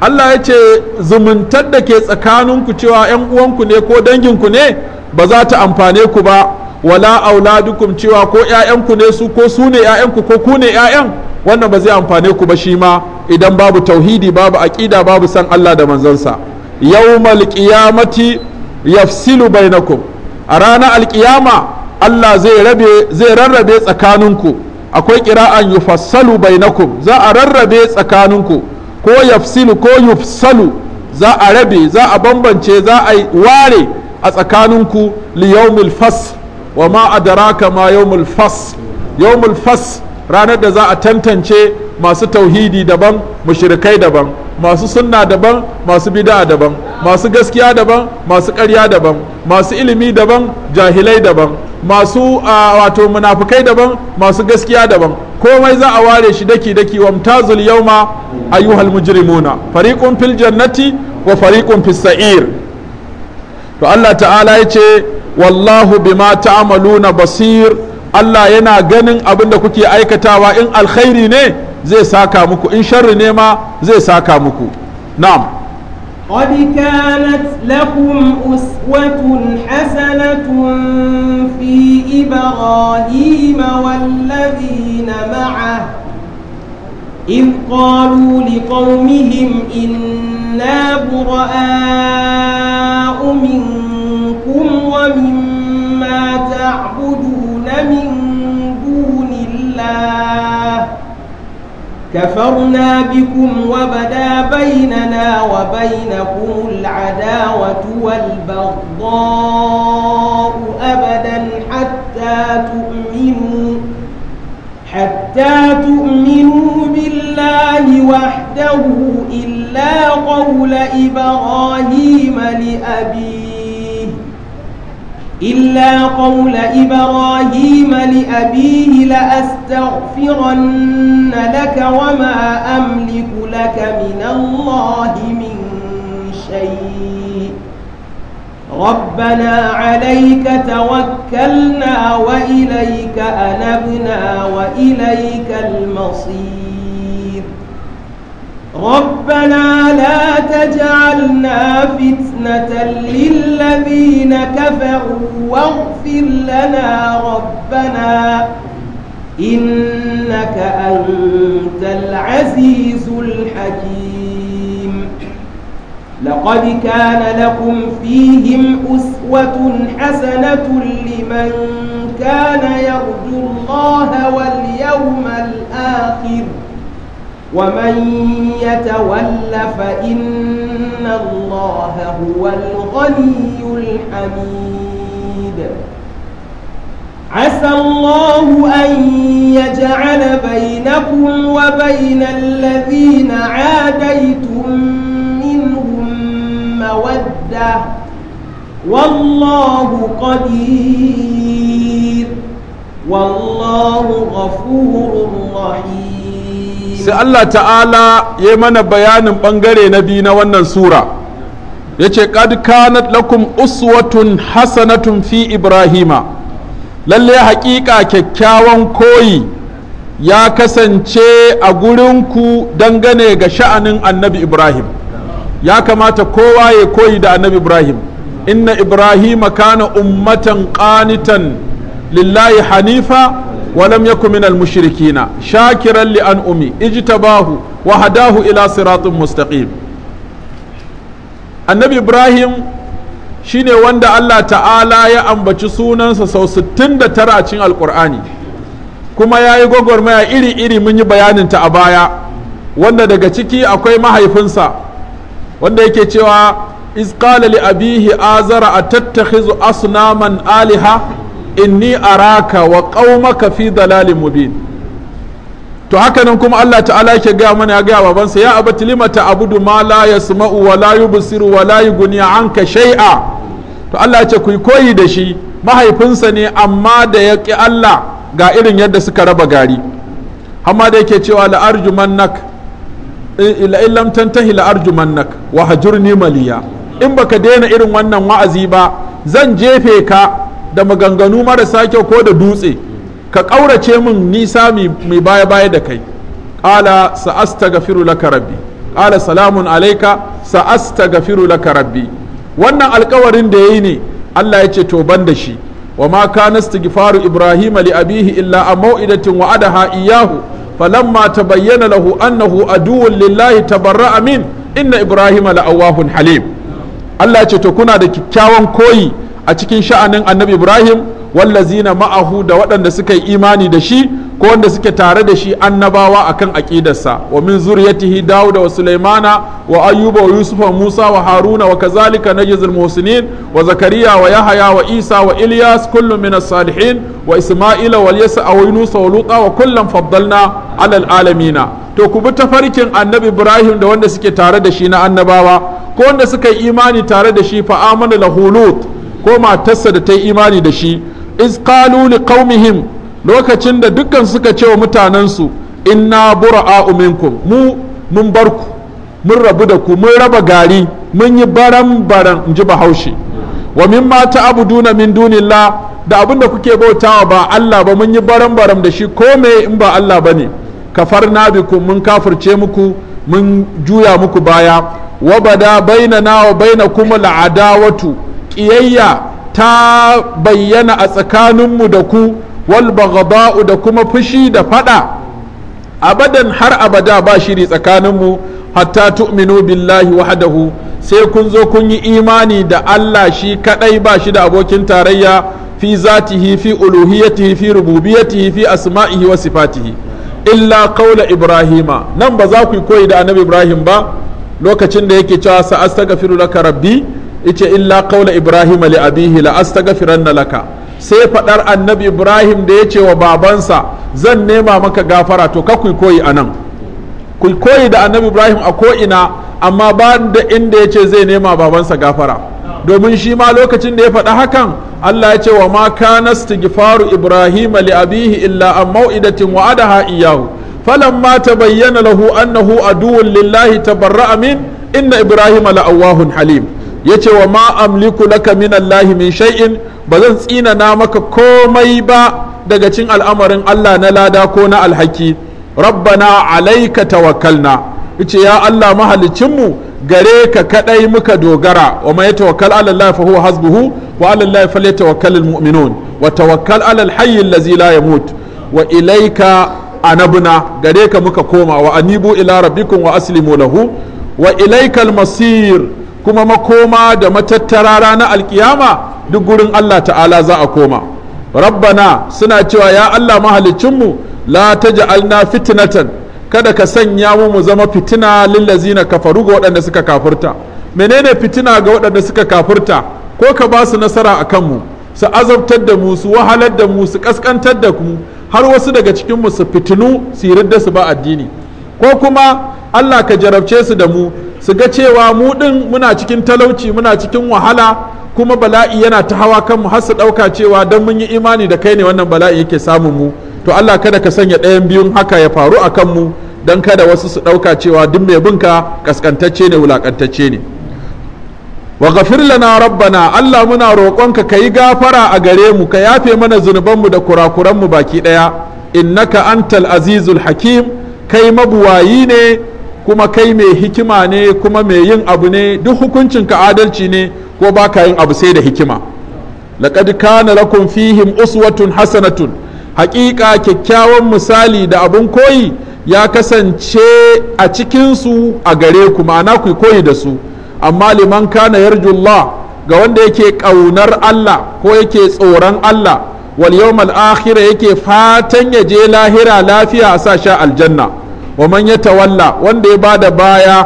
Allah ya ce zumuntar da ke tsakaninku cewa 'yan uwanku ne ko danginku ne ba za ta amfane ku ba wala auladukum cewa ko 'ya'yanku ne su ko su ne 'ya'yanku ko ku ne 'ya'yan wannan ba zai amfane ku ba shi ma idan babu tauhidi babu aƙida babu san Allah da manzansa yawmal qiyamati yafsilu bainakum a ranar alƙiyama Allah zai rabe zai rarrabe tsakaninku akwai ƙira'an yufassalu bainakum za a rarrabe tsakaninku ko yafsilu ko yufsalu za a rabe za a bambance za a ware a tsakaninku li fas wa ma adraka ma yawmil fas fas ranar da za a tantance masu tauhidi daban mushrikai daban masu sunna daban masu bid'a daban masu gaskiya daban masu ƙarya daban masu ilimi daban jahilai daban masu wato munafukai daban masu gaskiya daban komai za a ware shi daki daki wa mtazul yauma ayyuhal mujrimuna fariqun fil jannati wa fariqun fis sa'ir to Allah ta'ala ya ce wallahu bima ta'maluna basir Allah yana ganin abin da kuke aikatawa in alkhairi ne zai saka muku in sharri ne ma zai saka muku na'am قد كانت لكم أسوة حسنة في إبراهيم والذين معه إذ قالوا لقومهم إنا براء منكم ومن كفرنا بكم وبدا بيننا وبينكم العداوة والبغضاء أبدا حتى تؤمنوا حتى تؤمنوا بالله وحده إلا قول إبراهيم لأبيه إلا قول إبراهيم لأبيه لأستغفرن لك وما أملك لك من الله من شيء ربنا عليك توكلنا وإليك أنبنا وإليك المصير ربنا لا تجعلنا فتنة فتنة للذين كفروا واغفر لنا ربنا إنك أنت العزيز الحكيم لقد كان لكم فيهم أسوة حسنة لمن كان يرجو الله واليوم الآخر ومن يتول فإن الله هو الغني الحميد عسى الله أن يجعل بينكم وبين الذين عاديتم منهم مودة والله قدير والله غفور رحيم sai Allah ta'ala ya mana bayanin bangare na biyu na wannan sura ya ce qad kanat lakum uswatun hasanatun fi ibrahima lalle haƙiƙa kyakkyawan koyi ya kasance a gurinku dangane ga sha'anin annabi ibrahim ya kamata kowa ya koyi da annabi ibrahim inna ibrahima kana ummatan qanitan lillahi hanifa ولم يكن من المشركين شاكرا لأنعمه اجتباه وهداه إلى صراط مستقيم annabi ibrahim shine wanda allah ta'ala ya ambaci sunansa sau 69 a cikin alkur'ani kuma ya yi gwagwarmaya iri-iri mun yi bayaninta a baya wanda daga ciki akwai mahaifinsa wanda yake cewa isqala li abihi azara a tattakhizu asnaman aliha inni araka wa qaumaka fi dalalin mubin to hakanan kuma Allah ta'ala yake gaya mana ya gaya babansa ya abati limata abudu ma la yasma'u wa la yubsiru wa la yughni anka shay'a to Allah ya ce ku koyi da shi mahaifinsa ne amma da ya ki Allah ga irin yadda suka raba gari amma da yake cewa la arjumannak illa illam tantahi la arjumannak wa hajurni maliya in baka daina irin wannan wa'azi ba zan jefe ka da maganganu marasa kyau ko da dutse ka ƙaurace min nisa mai baya baya da kai ƙala sa'astaghfiru laka rabbi ƙala salamun alaika sa'astaghfiru laka rabbi wannan alkawarin da yayi ne Allah ya ce to ban da shi wa ma kana istighfaru ibrahima li abihi illa a mau'idatin wa'adaha iyahu falamma bayyana lahu annahu aduwwun lillahi tabarra'a min inna ibrahima la'awahun halim Allah ya ce to kuna da kyakkyawan koyi a cikin sha'anin annabi ibrahim wallazina ma'ahu da waɗanda suka yi imani da shi ko wanda suke tare da shi annabawa akan aqidarsa wa min zuriyatihi dauda wa sulaimana wa ayyuba wa yusufa wa musa wa haruna wa kazalika na muhsinin wa zakariya wa yahaya wa isa wa ilyas kullum min salihin wa isma'ila wa yasa wa yunusa wa wa kullum faddalna alal alamina to ku bi tafarkin annabi ibrahim da wanda suke tare da shi na annabawa ko wanda suka yi imani tare da shi fa amana lahu ko matarsa da ta yi imani da shi iz qalu liqaumihim lokacin da dukkan suka ce wa mutanensu inna bura'a'u minkum mu mun bar ku mun rabu da ku mun raba gari mun yi baran baran in ji bahaushe wa min ma ta'buduna min dunillah da abin da kuke bautawa ba Allah ba mun yi baran baran da shi ko me in ba Allah bane kafarna bikum mun kafirce muku mun juya muku baya wa bada bainana wa bainakum al'adawatu ƙiyayya ta bayyana a tsakaninmu da ku wal bagaba'u da kuma fushi da fada abadan har abada ba shiri tsakaninmu hatta tu'minu billahi wahadahu, sai kun zo kun yi imani da Allah shi kadai ba shi da abokin tarayya fi zatihi fi uluhiyatihi fi rububiyatihi fi asma'ihi wa sifatihi illa qawla ibrahima nan ba za ku koyi da annabi ibrahim ba lokacin da yake cewa sa astaghfiru laka rabbi yace illa kaula ibrahim li abihi la astaghfiranna laka sai fadar annabi ibrahim da yace wa babansa zan nema maka gafara to ka kuyi koyi anan kuyi koyi da annabi ibrahim a ko ina amma ba da inda yace zai nema babansa gafara domin shi ma lokacin da ya faɗa hakan Allah ya ce wa ma kana istighfaru ibrahim li abihi illa an mau'idatin wa'adaha ma falamma tabayyana lahu annahu aduwwun lillahi tabarra'a min inna ibrahima la'awahun halim ya ce wa ma'amliku laka min Allahi min shay'in ba zan na maka komai ba daga cin al'amarin Allah na lada ko na alhaki rabbana alaika tawakkalna yace ya Allah mahalicinmu gare ka kadai muka dogara wa man yatawakkal ala Allah fa huwa hasbuhu wa ala Allah falyatawakkal almu'minun wa tawakkal ala alhayy allazi la yamut wa ilaika anabna gare ka muka koma wa anibu ila rabbikum wa aslimu lahu wa ilaikal masir kuma makoma da matattara ranar alkiyama duk gurin Allah ta'ala za a koma rabbana suna cewa ya Allah mahalicinmu la ta alna fitnatan kada ka sanya mu mu zama fitina lillazina kafaru ga waɗanda suka kafurta menene fitina ga waɗanda suka kafurta ko ka ba su nasara a kanmu su azabtar da mu su wahalar da mu su kaskantar da mu har wasu daga cikin mu su fitinu su yi su ba addini ko kuma Allah ka jarabce su da mu su ga cewa mu ɗin muna cikin talauci muna cikin wahala kuma bala'i yana ta hawa kanmu mu har su dauka cewa dan mun yi imani da kai ne wannan bala'i yake samun mu to Allah kada ka sanya ɗayan biyun haka ya faru a kan mu dan kada wasu su ɗauka cewa duk mai binka kaskantacce ne wulakantacce ne wa ghafir lana rabbana Allah muna roƙonka ka yi gafara a gare mu ka yafe mana zunubanmu da kurakuranmu baki ɗaya innaka antal azizul hakim kai mabuwayi ne kuma kai mai hikima ne kuma mai yin abu ne duk hukuncin ka adalci ne ko ba ka yin abu sai da hikima laƙad kana lakum fihim uswatun hasanatun haƙiƙa kyakkyawan misali da abin koyi ya kasance a cikinsu a gare ku ma'ana ku koyi da su amma liman kana yarjullah ga wanda yake ƙaunar Allah ko yake tsoron Allah wal yawmal akhira yake fatan ya je lahira lafiya a sa sha aljanna wa man ya tawalla wanda ya bada baya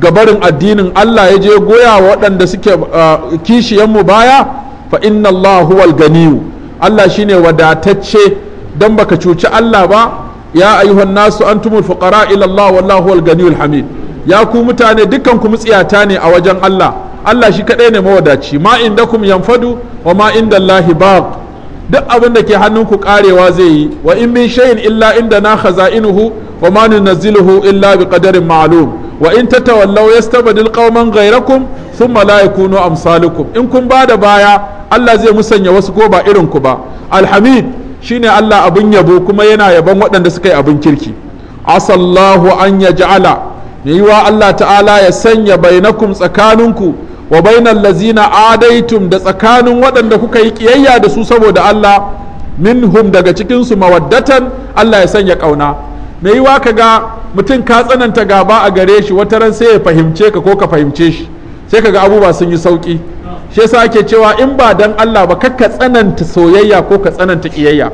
ga barin addinin Allah ya je goya wa waɗanda suke uh, kishiyanmu baya fa inna Allah huwal ganiyu Allah shine wadatacce dan baka cuci Allah ba ya ayyuhan nasu antumul fuqara ila Allah wallahu huwal ganiyul hamid ya ku mutane dukkan ku mutsiyata ne a wajen Allah Allah shi kaɗai ne mawadaci ma indakum yanfadu wa ma Allah baq duk abin da ke ku karewa zai yi wa in min shay'in illa inda na khaza'inuhu wa ma nunazziluhu illa bi qadarin ma'lum wa in tatawallaw yastabdil qauman ghayrakum thumma la yakunu amsalukum in kun ba da baya Allah zai musanya wasu ko ba irin ku ba alhamid shine Allah abin yabo kuma yana yabon waɗanda suka yi abin kirki asallahu an yaj'ala yiwa Allah ta'ala ya sanya bainakum tsakaninku wa bainal lazina adaitun da tsakanin waɗanda kuka yi ƙiyayya da su saboda Allah minhum daga cikinsu mawaddatan Allah ya sanya ƙauna na yi ka ga mutum ka tsananta gaba a gare shi wata ran sai ya fahimce ka ko ka fahimce shi sai ka ga abubuwa sun yi sauki shi yasa ake cewa in ba dan Allah ba kakka tsananta soyayya ko ka tsananta kiyayya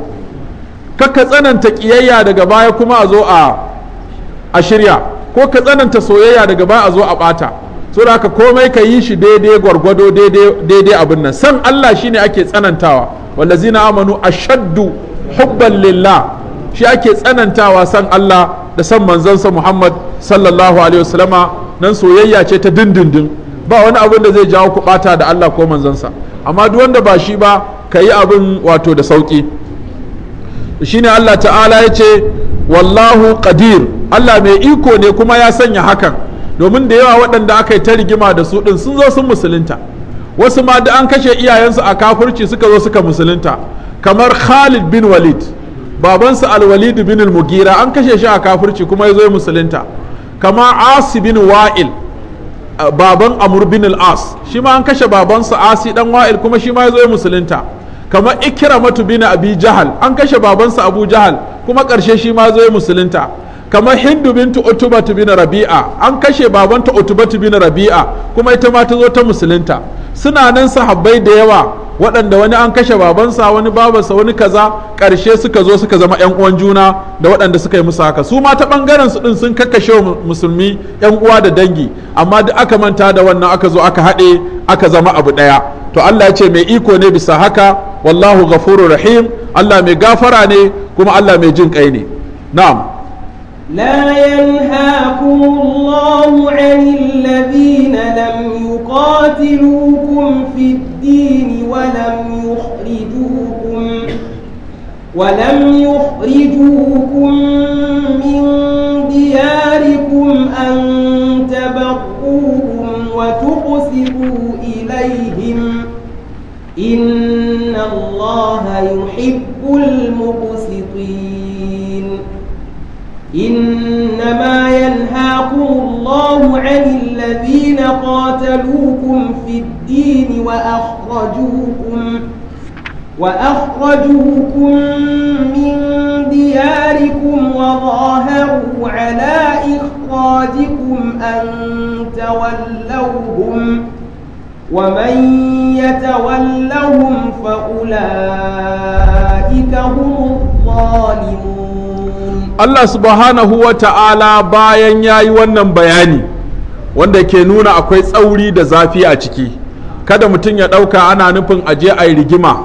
kakka tsananta kiyayya daga baya kuma a zo a shirya ko ka tsananta soyayya daga baya a zo a bata so da haka komai ka yi shi daidai gwargwado daidai abin nan san Allah shine ake tsanantawa wallazina amanu ashaddu hubban lillah shi ake tsanantawa san Allah da san manzansa Muhammad sallallahu alaihi wasallama nan soyayya ce ta dindindin ba wani abin da zai jawo ku bata da Allah ko manzansa amma duk wanda ba shi ba ka yi abin wato da sauki shine Allah ta'ala ya ce wallahu Kadir Allah mai iko ne kuma ya sanya hakan domin da yawa waɗanda aka yi ta rigima da su ɗin sun zo sun musulunta wasu ma da an kashe iyayensu a kafurci suka zo suka musulunta kamar khalid bin walid babansa alwalid bin al-mugira an kashe shi a kafirci kuma ya zo musulunta kama asi bin wa'il baban amur bin as shi ma an kashe babansa asi dan wa'il kuma shi ma ya zo musulunta kama ikramatu bin abi jahal an kashe babansa abu jahal kuma karshe shi ma ya zo musulunta kamar hindu bintu utubatu bin rabi'a an kashe babanta utubatu bin rabi'a kuma ita ma ta zo ta musulunta suna nan sahabbai da yawa waɗanda wani an kashe babansa wani babansa wani kaza ƙarshe suka zo suka zama yan uwan juna da waɗanda suka yi musu haka su ma ta ɓangaren su ɗin sun kakkashe musulmi yan uwa da dangi amma duk aka manta da wannan aka zo aka haɗe aka zama abu ɗaya to Allah ya ce mai iko ne bisa haka wallahu ghafurur rahim Allah mai gafara ne kuma Allah mai jin kai ne na'am la ينهاكم الله عن الذين قاتلوكم في الدين ولم يخرجوكم ولم يخرجوكم من دياركم أن تبقوهم وتقسطوا إليهم إن الله يحب المقسطين إنما يلقون الذين قاتلوكم في الدين وأخرجوكم وأخرجوكم من دياركم وظاهروا على إخراجكم أن تولوهم ومن يتولهم فأولئك هم الظالمون الله سبحانه وتعالى باين ياي ونن بياني wanda ke nuna akwai tsauri da zafi a ciki kada mutum ya ɗauka ana nufin aje a yi rigima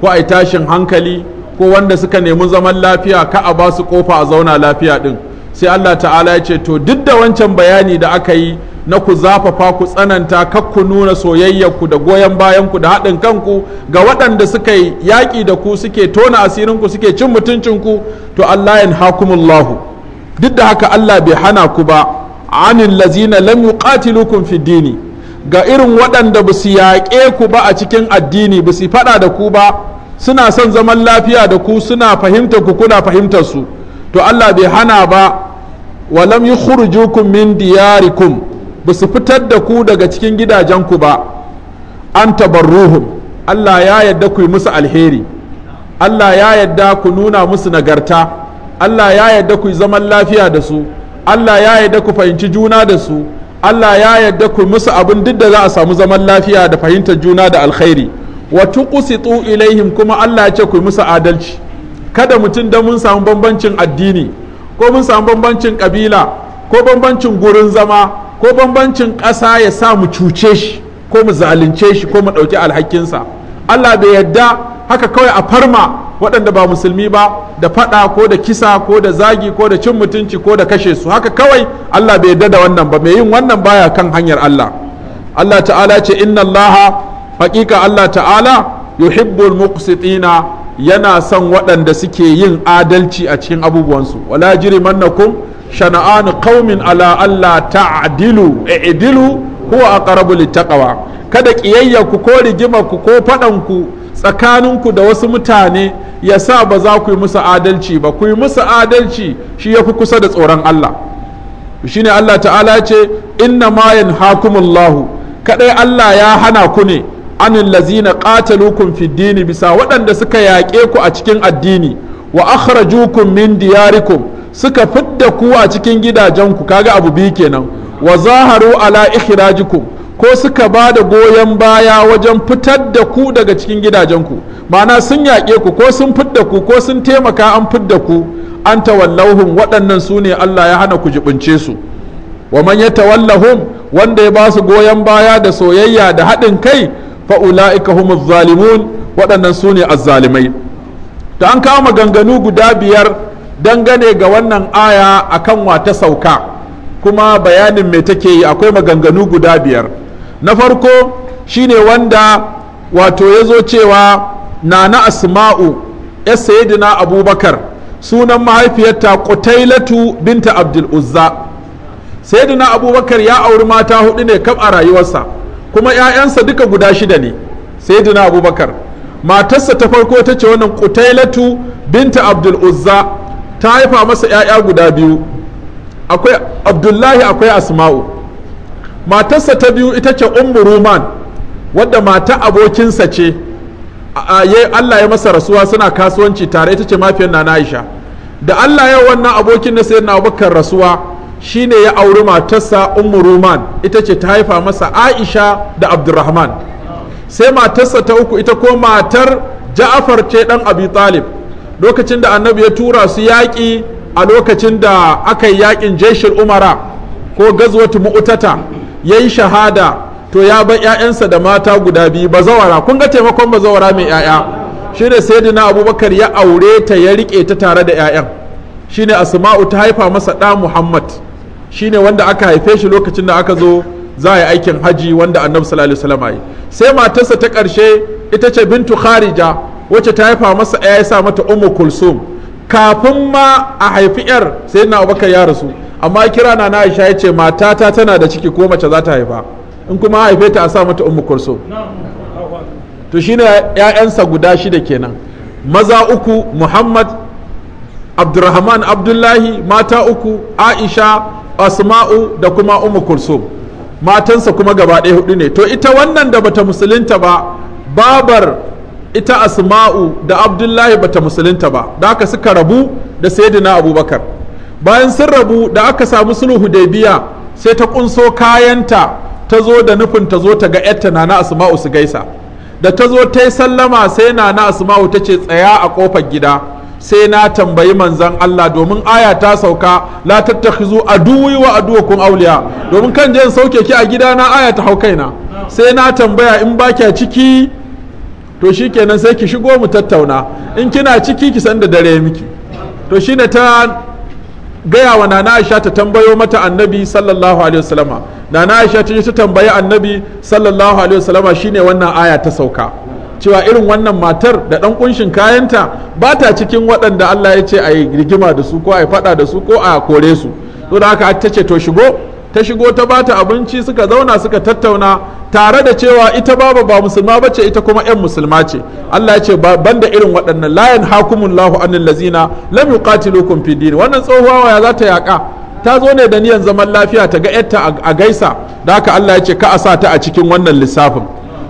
ko a yi tashin hankali ko wanda suka nemi zaman lafiya ka a ba su kofa a zauna lafiya ɗin sai allah ta'ala ya ce to duk da wancan bayani da aka yi na ku zafafa ku tsananta kak ku nuna soyayyarku da goyon bayanku da haɗin kanku ga waɗanda suka yi yaƙi da ku suke tona asirinku suke cin mutuncinku to allah Ya hakumullahu duk da haka allah bai hana ku ba anin lazina lam yuqatilukum fi dini ga irin waɗanda ba su yaƙe ku ba a cikin addini ba su faɗa da ku ba suna son zaman lafiya da ku suna fahimta ku kuna fahimtar su to Allah bai hana ba wa walam yukhrijukum min diyarikum ba su fitar da ku daga cikin gidajen ku ba an tabarruhum Allah ya yadda ku yi musu alheri Allah ya yadda ku nuna musu nagarta Allah ya yadda ku yi zaman lafiya da su Allah ya yarda ku fahimci juna da su Allah ya yarda ku musu abin duk da za a samu zaman lafiya da fahimtar juna da alkhairi wa tuqsitu ilaihim kuma Allah ya ce ku musu adalci kada mutum da mun samu bambancin addini ko mun samu bambancin kabila ko bambancin gurin zama ko bambancin ƙasa ya sa mu cuce shi ko mu zalunce shi ko mu ɗauki alhakinsa Allah bai yadda haka kawai a farma waɗanda ba musulmi ba da faɗa ko da kisa ko da zagi ko da cin mutunci ko da kashe su haka kawai Allah bai yadda da wannan ba mai yin wannan baya kan hanyar Allah Allah ta'ala ce inna Allah haƙiƙa Allah ta'ala yuhibbul muqsitina yana son waɗanda suke yin adalci a cikin abubuwansu wala jiri jirimannakum shana'an qaumin ala Allah ta'dilu i'dilu huwa aqrabu littaqwa kada ƙiyayyarku ko ku ko faɗanku tsakaninku da wasu mutane ya sa ba za ku yi musu adalci ba ku yi musu adalci shi ya fi kusa da tsoron Allah shi ne Allah ta'ala ce inna mayan hakumullahu kaɗai Allah ya hana ku ne anin lazina ƙatalukun fid bisa waɗanda suka yaƙe ku a cikin addini wa akhrajukum min diyarikum suka fidda ku a cikin gidajenku kaga abu biyu kenan wa zaharu ala ikhrajikum ko suka ba da goyon baya wajen fitar da ku daga cikin gidajenku ma'ana sun yaƙe ku ko sun fidda ku ko sun taimaka an fidda ku an tawallahum waɗannan su ne Allah ya hana ku jibince su wa man ya tawallahum wanda ya ba su goyon baya da soyayya da haɗin kai fa ula'ika humu zalimun waɗannan su ne azzalimai to an kama maganganu guda biyar dangane ga wannan aya akan wata sauka kuma bayanin mai take yi akwai maganganu guda biyar na farko shine wanda wato ya zo cewa nana asma'u ya sayidina abubakar sunan mahaifiyarta kutailatu binta abdul uzza Sayyidina abubakar ya auri mata hudu ne kam a rayuwarsa kuma 'ya'yansa duka guda shida ne Sayyidina abubakar matarsa ta farko ta ce wannan kutailatu binta abdul uzza ta haifa masa 'ya'ya guda biyu akwai abdullahi akwai asma'u matarsa ta biyu ita ce ummu ruman wadda mata abokinsa ce Allah ya masa rasuwa suna kasuwanci tare ita ce mafiyar na Aisha da Allah ya wannan abokin na na abokan rasuwa shine ya auri matarsa Ummu Ruman ita ce ta haifa masa Aisha da Abdurrahman sai matarsa ta uku ita ko matar ja'afar ce dan Abi Talib lokacin da annabi ya tura su yaƙi a lokacin da aka yi yakin jeshin umara ko gazwatu mu'utata ya yi shahada to ya bar 'ya'yansa da mata guda biyu Ba zawara, kun ga taimakon ba zawara mai 'ya'ya shi ne sayyidina abubakar ya aure ta ya riƙe ta tare da 'ya'yan shi ne asma'u ta haifa masa ɗa muhammad shi ne wanda aka haife shi lokacin da aka zo za a yi aikin haji wanda annabi sallallahu alaihi wasallam sai matarsa ta ƙarshe ita ce bintu kharija wacce ta haifa masa ya sa mata ummu kulsum kafin ma a haifi yar sai na abubakar ya rasu amma kira na na aisha ya ce matata tana da ciki ko mace za ta haifa in kuma haife ta a sa mata ummu kurso to shine ya'yansa guda shida kenan maza uku muhammad abdurrahman abdullahi mata uku aisha asma'u da kuma ummu kurso matansa kuma gaba ɗaya hudu ne to ita wannan da bata musulunta ba babar ita asma'u da abdullahi bata musulunta ba da aka suka rabu da sayyidina abubakar bayan sun rabu da aka samu sulhu hudaybiya sai ta kunso kayanta ta zo da nufin ta zo ta ga yarta nana asma'u su gaisa da ta zo ta yi sallama sai nana asma'u ta ce tsaya a kofar gida sai na tambayi manzan Allah domin aya ta sauka la tattakhizu aduwi wa aduwakum awliya domin kan je sauke ki a gida na aya ta hau kaina sai na tambaya in ba ciki to shi kenan sai ki shigo mu tattauna in kina ciki ki san da dare miki to shine ta gaya wa nana aisha ta tambayo mata annabi sallallahu alaihi wasallama nana aisha ta ta tambayi annabi sallallahu alaihi wasallama shine wannan aya ta sauka cewa irin wannan matar da dan kunshin kayanta ba ta cikin waɗanda Allah ya ce a yi rigima da su ko a yi faɗa da su ko a kore su to da haka ta ce to shigo ta shigo ta bata abinci suka zauna suka tattauna tare da cewa ita baba ba musulma bace ita kuma yan musulma ce Allah ya ce banda irin waɗannan la lahu anil lazina lam yuqatilukum fi din wannan tsohuwa ya za ta yaka ta zo ne da niyan zaman lafiya ta ga yarta a gaisa da haka Allah ya ce ka a ta a cikin wannan lissafin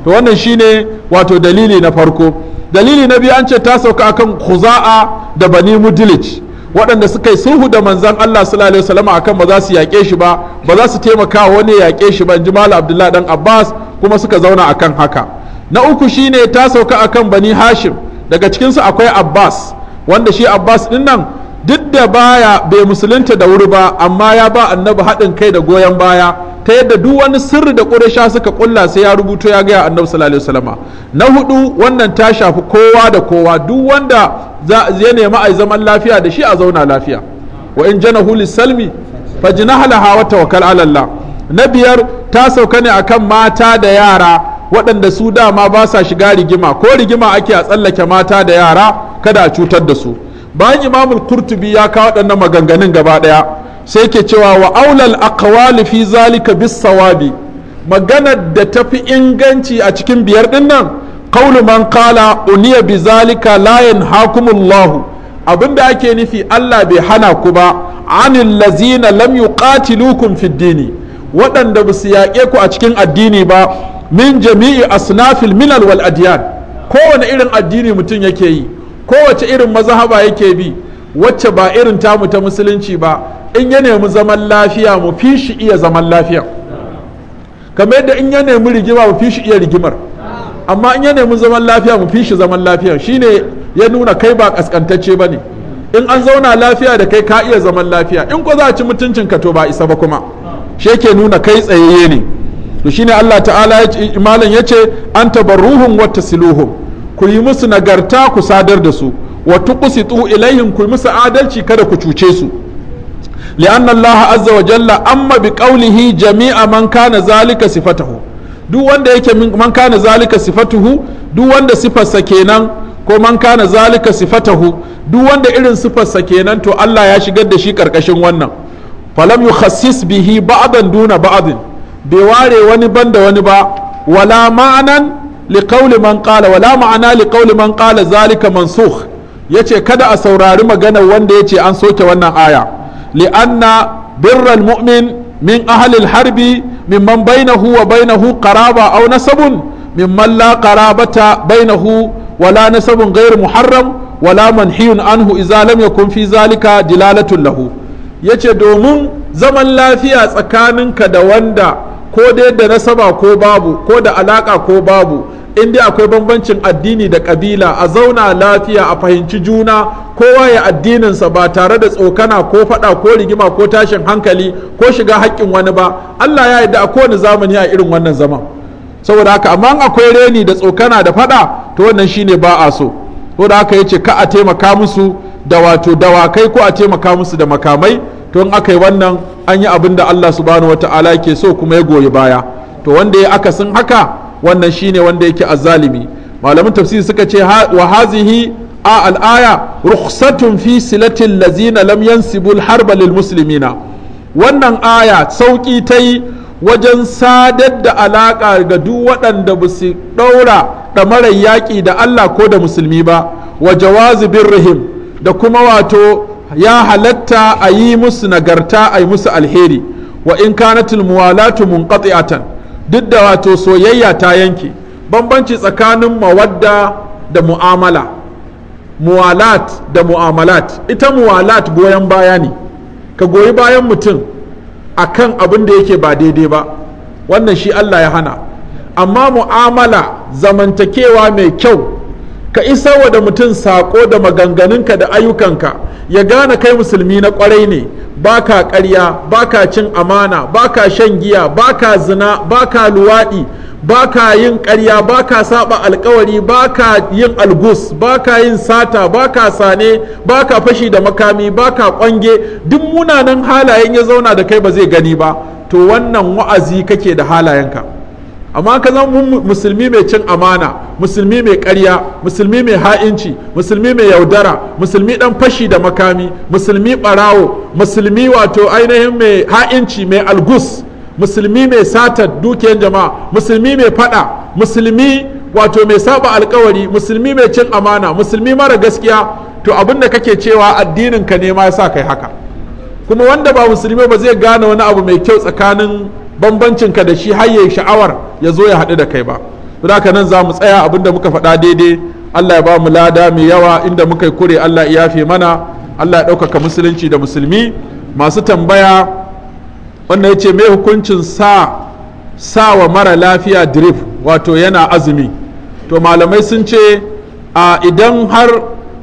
to wannan shine wato dalili na farko dalili na biyu an ce ta sauka akan khuza'a da bani mudilic. waɗanda suka yi sulhu da manzan Allah sallallahu alaihi wasallam akan ba za su yaƙe shi ba ba za su taimaka wani yaƙe shi ba in ji Malam Abdullahi dan Abbas kuma suka zauna akan haka na uku shi ne ta sauka akan Bani Hashim daga cikin su akwai Abbas wanda shi Abbas din nan duk da baya bai musulunta da wuri ba amma ya ba annabi haɗin kai da goyon baya ta yadda duk wani sirri da ƙuresha suka ƙulla sai ya rubuto ya gaya annabi sallallahu alaihi wasallama na hudu wannan ta shafi kowa da kowa duk wanda ya nemi a zaman lafiya da shi a zauna lafiya wa in janahu lisalmi fajnahalaha wa tawakkal ala Allah na biyar ta sauka ne akan mata da yara waɗanda su dama ba sa shiga rigima ko rigima ake a tsallake mata da yara kada a cutar da su bayan imamul kurtubi ya kawo waɗannan maganganun gaba ɗaya sai ke cewa wa aulal aqwali fi zalika bis sawabi maganar da tafi inganci a cikin biyar din nan qawlu man qala uniya bi zalika la abin abinda ake nufi Allah bai hana ku ba anil lazina lam yuqatilukum lukun dini waɗanda ba su yaƙe ku a cikin addini ba min jami'i asnafil milal wal adiyan kowane irin addini mutum yake yi kowace irin mazhaba yake bi wacce ba irin tamu ta musulunci ba in ya nemi zaman lafiya mu fi shi iya zaman lafiya kamar yadda in ya nemi rigima mu fi shi iya rigimar amma in ya nemi zaman lafiya mu fi shi zaman lafiya shine ya nuna kai ba kaskantacce ba ne in an zauna lafiya da kai ka iya zaman lafiya in ko za a ci mutuncin ka to ba isa ba kuma shi yake nuna kai tsayayye ne to shine Allah ta'ala ya ce malam yace an tabarruhum wa tasluhum ku yi musu nagarta ku sadar da su wa tuqsitu ilaihim ku yi musu adalci kada ku cuce su li'anna Allah azza wa jalla amma bi qawlihi jami'a man kana zalika sifatahu duk wanda yake man kana zalika sifatuhu duk wanda sifarsa kenan ko man kana zalika sifatahu duk wanda irin sifarsa kenan to Allah ya shigar da shi karkashin wannan falam yukhassis bihi ba'dan duna bai ware wani banda wani ba wala ma'anan liqawli man qala wala ma'ana liqawli man qala zalika mansukh yace kada a saurari maganar wanda yace an sauke wannan aya li'anna birral mu'min min ahalil harbi mimman bainahu wa bainahu qaraba aw nasabun mimman la qarabata bainahu wala nasabun ghairu muharram wala manhiyun anhu idza lam yakun fi zalika dilalatun lahu yace domin zaman lafiya tsakaninka da wanda ko dai da nasaba ko babu ko da alaka ko babu in dai akwai bambancin addini da kabila a zauna lafiya a fahimci juna kowa ya addininsa ba tare da tsokana ko faɗa ko rigima ko tashin hankali ko shiga haƙƙin wani ba Allah ya yarda a kowane zamani a irin wannan zaman saboda haka amma akwai reni da tsokana da faɗa to wannan shine ba a so saboda haka yace ka a taimaka musu da wato dawakai ko a taimaka musu da makamai to in aka yi wannan an yi abin da Allah subhanahu wataala yake so kuma ya goyi baya to wanda ya akasin haka wannan shine wanda yake azzalimi malamin tafsiri suka ce wa hazihi a al'aya rukhsatun fi silatin lazina lam yansibul harba lil muslimina wannan aya sauki ta yi wajen sadar da alaƙa ga duk waɗanda ba su ɗaura ɗamarar yaƙi da Allah ko da musulmi ba wa jawazi birrihim da kuma wato ya halatta a yi musu nagarta a yi musu alheri wa in kanatul muwalatu munqati'atan duk da wato soyayya ta yanke bambanci tsakanin mawadda da mu'amala muwalat da mu'amalat ita muwalat goyon baya ne ka goyi bayan mutum a kan abin da yake ba daidai ba wannan shi Allah ya hana amma mu'amala zamantakewa mai kyau ka wa da mutum saƙo da maganganunka da ayyukanka ya gane kai musulmi na ƙwarai ne ba ka ƙarya ba ka cin amana ba ka shan giya ba ka zina ba ka luwaɗi ba ka yin ƙarya ba ka saba alkawari ba ka yin algus ba ka yin sata ba ka sane ba ka fashi da makami ba ka ƙwange duk munanan halayen ya zauna da kai ba zai gani ba to wannan wa'azi kake da halayenka amma ka zama musulmi mai cin amana musulmi mai karya musulmi mai ha'inci musulmi mai yaudara musulmi dan fashi da makami musulmi barawo musulmi wato ainihin mai ha'inci mai algus musulmi mai satar dukiyar jama'a musulmi mai fada musulmi wato mai saba alkawari musulmi mai cin amana musulmi mara gaskiya to abin da kake cewa addinin ka ne ma ya sa kai haka kuma wanda ba musulmi ba zai gane wani abu mai kyau tsakanin bambancin ka da shi har yayi sha'awar ya zo ya haɗu da kai ba haka nan za mu tsaya abinda muka faɗa daidai Allah ya ba mu lada mai yawa inda muka kure Allah ya yafe mana Allah ya ɗaukaka musulunci da musulmi masu tambaya wannan ya ce mai hukuncin sa sa wa mara lafiya drip wato yana azumi to malamai sun ce a idan har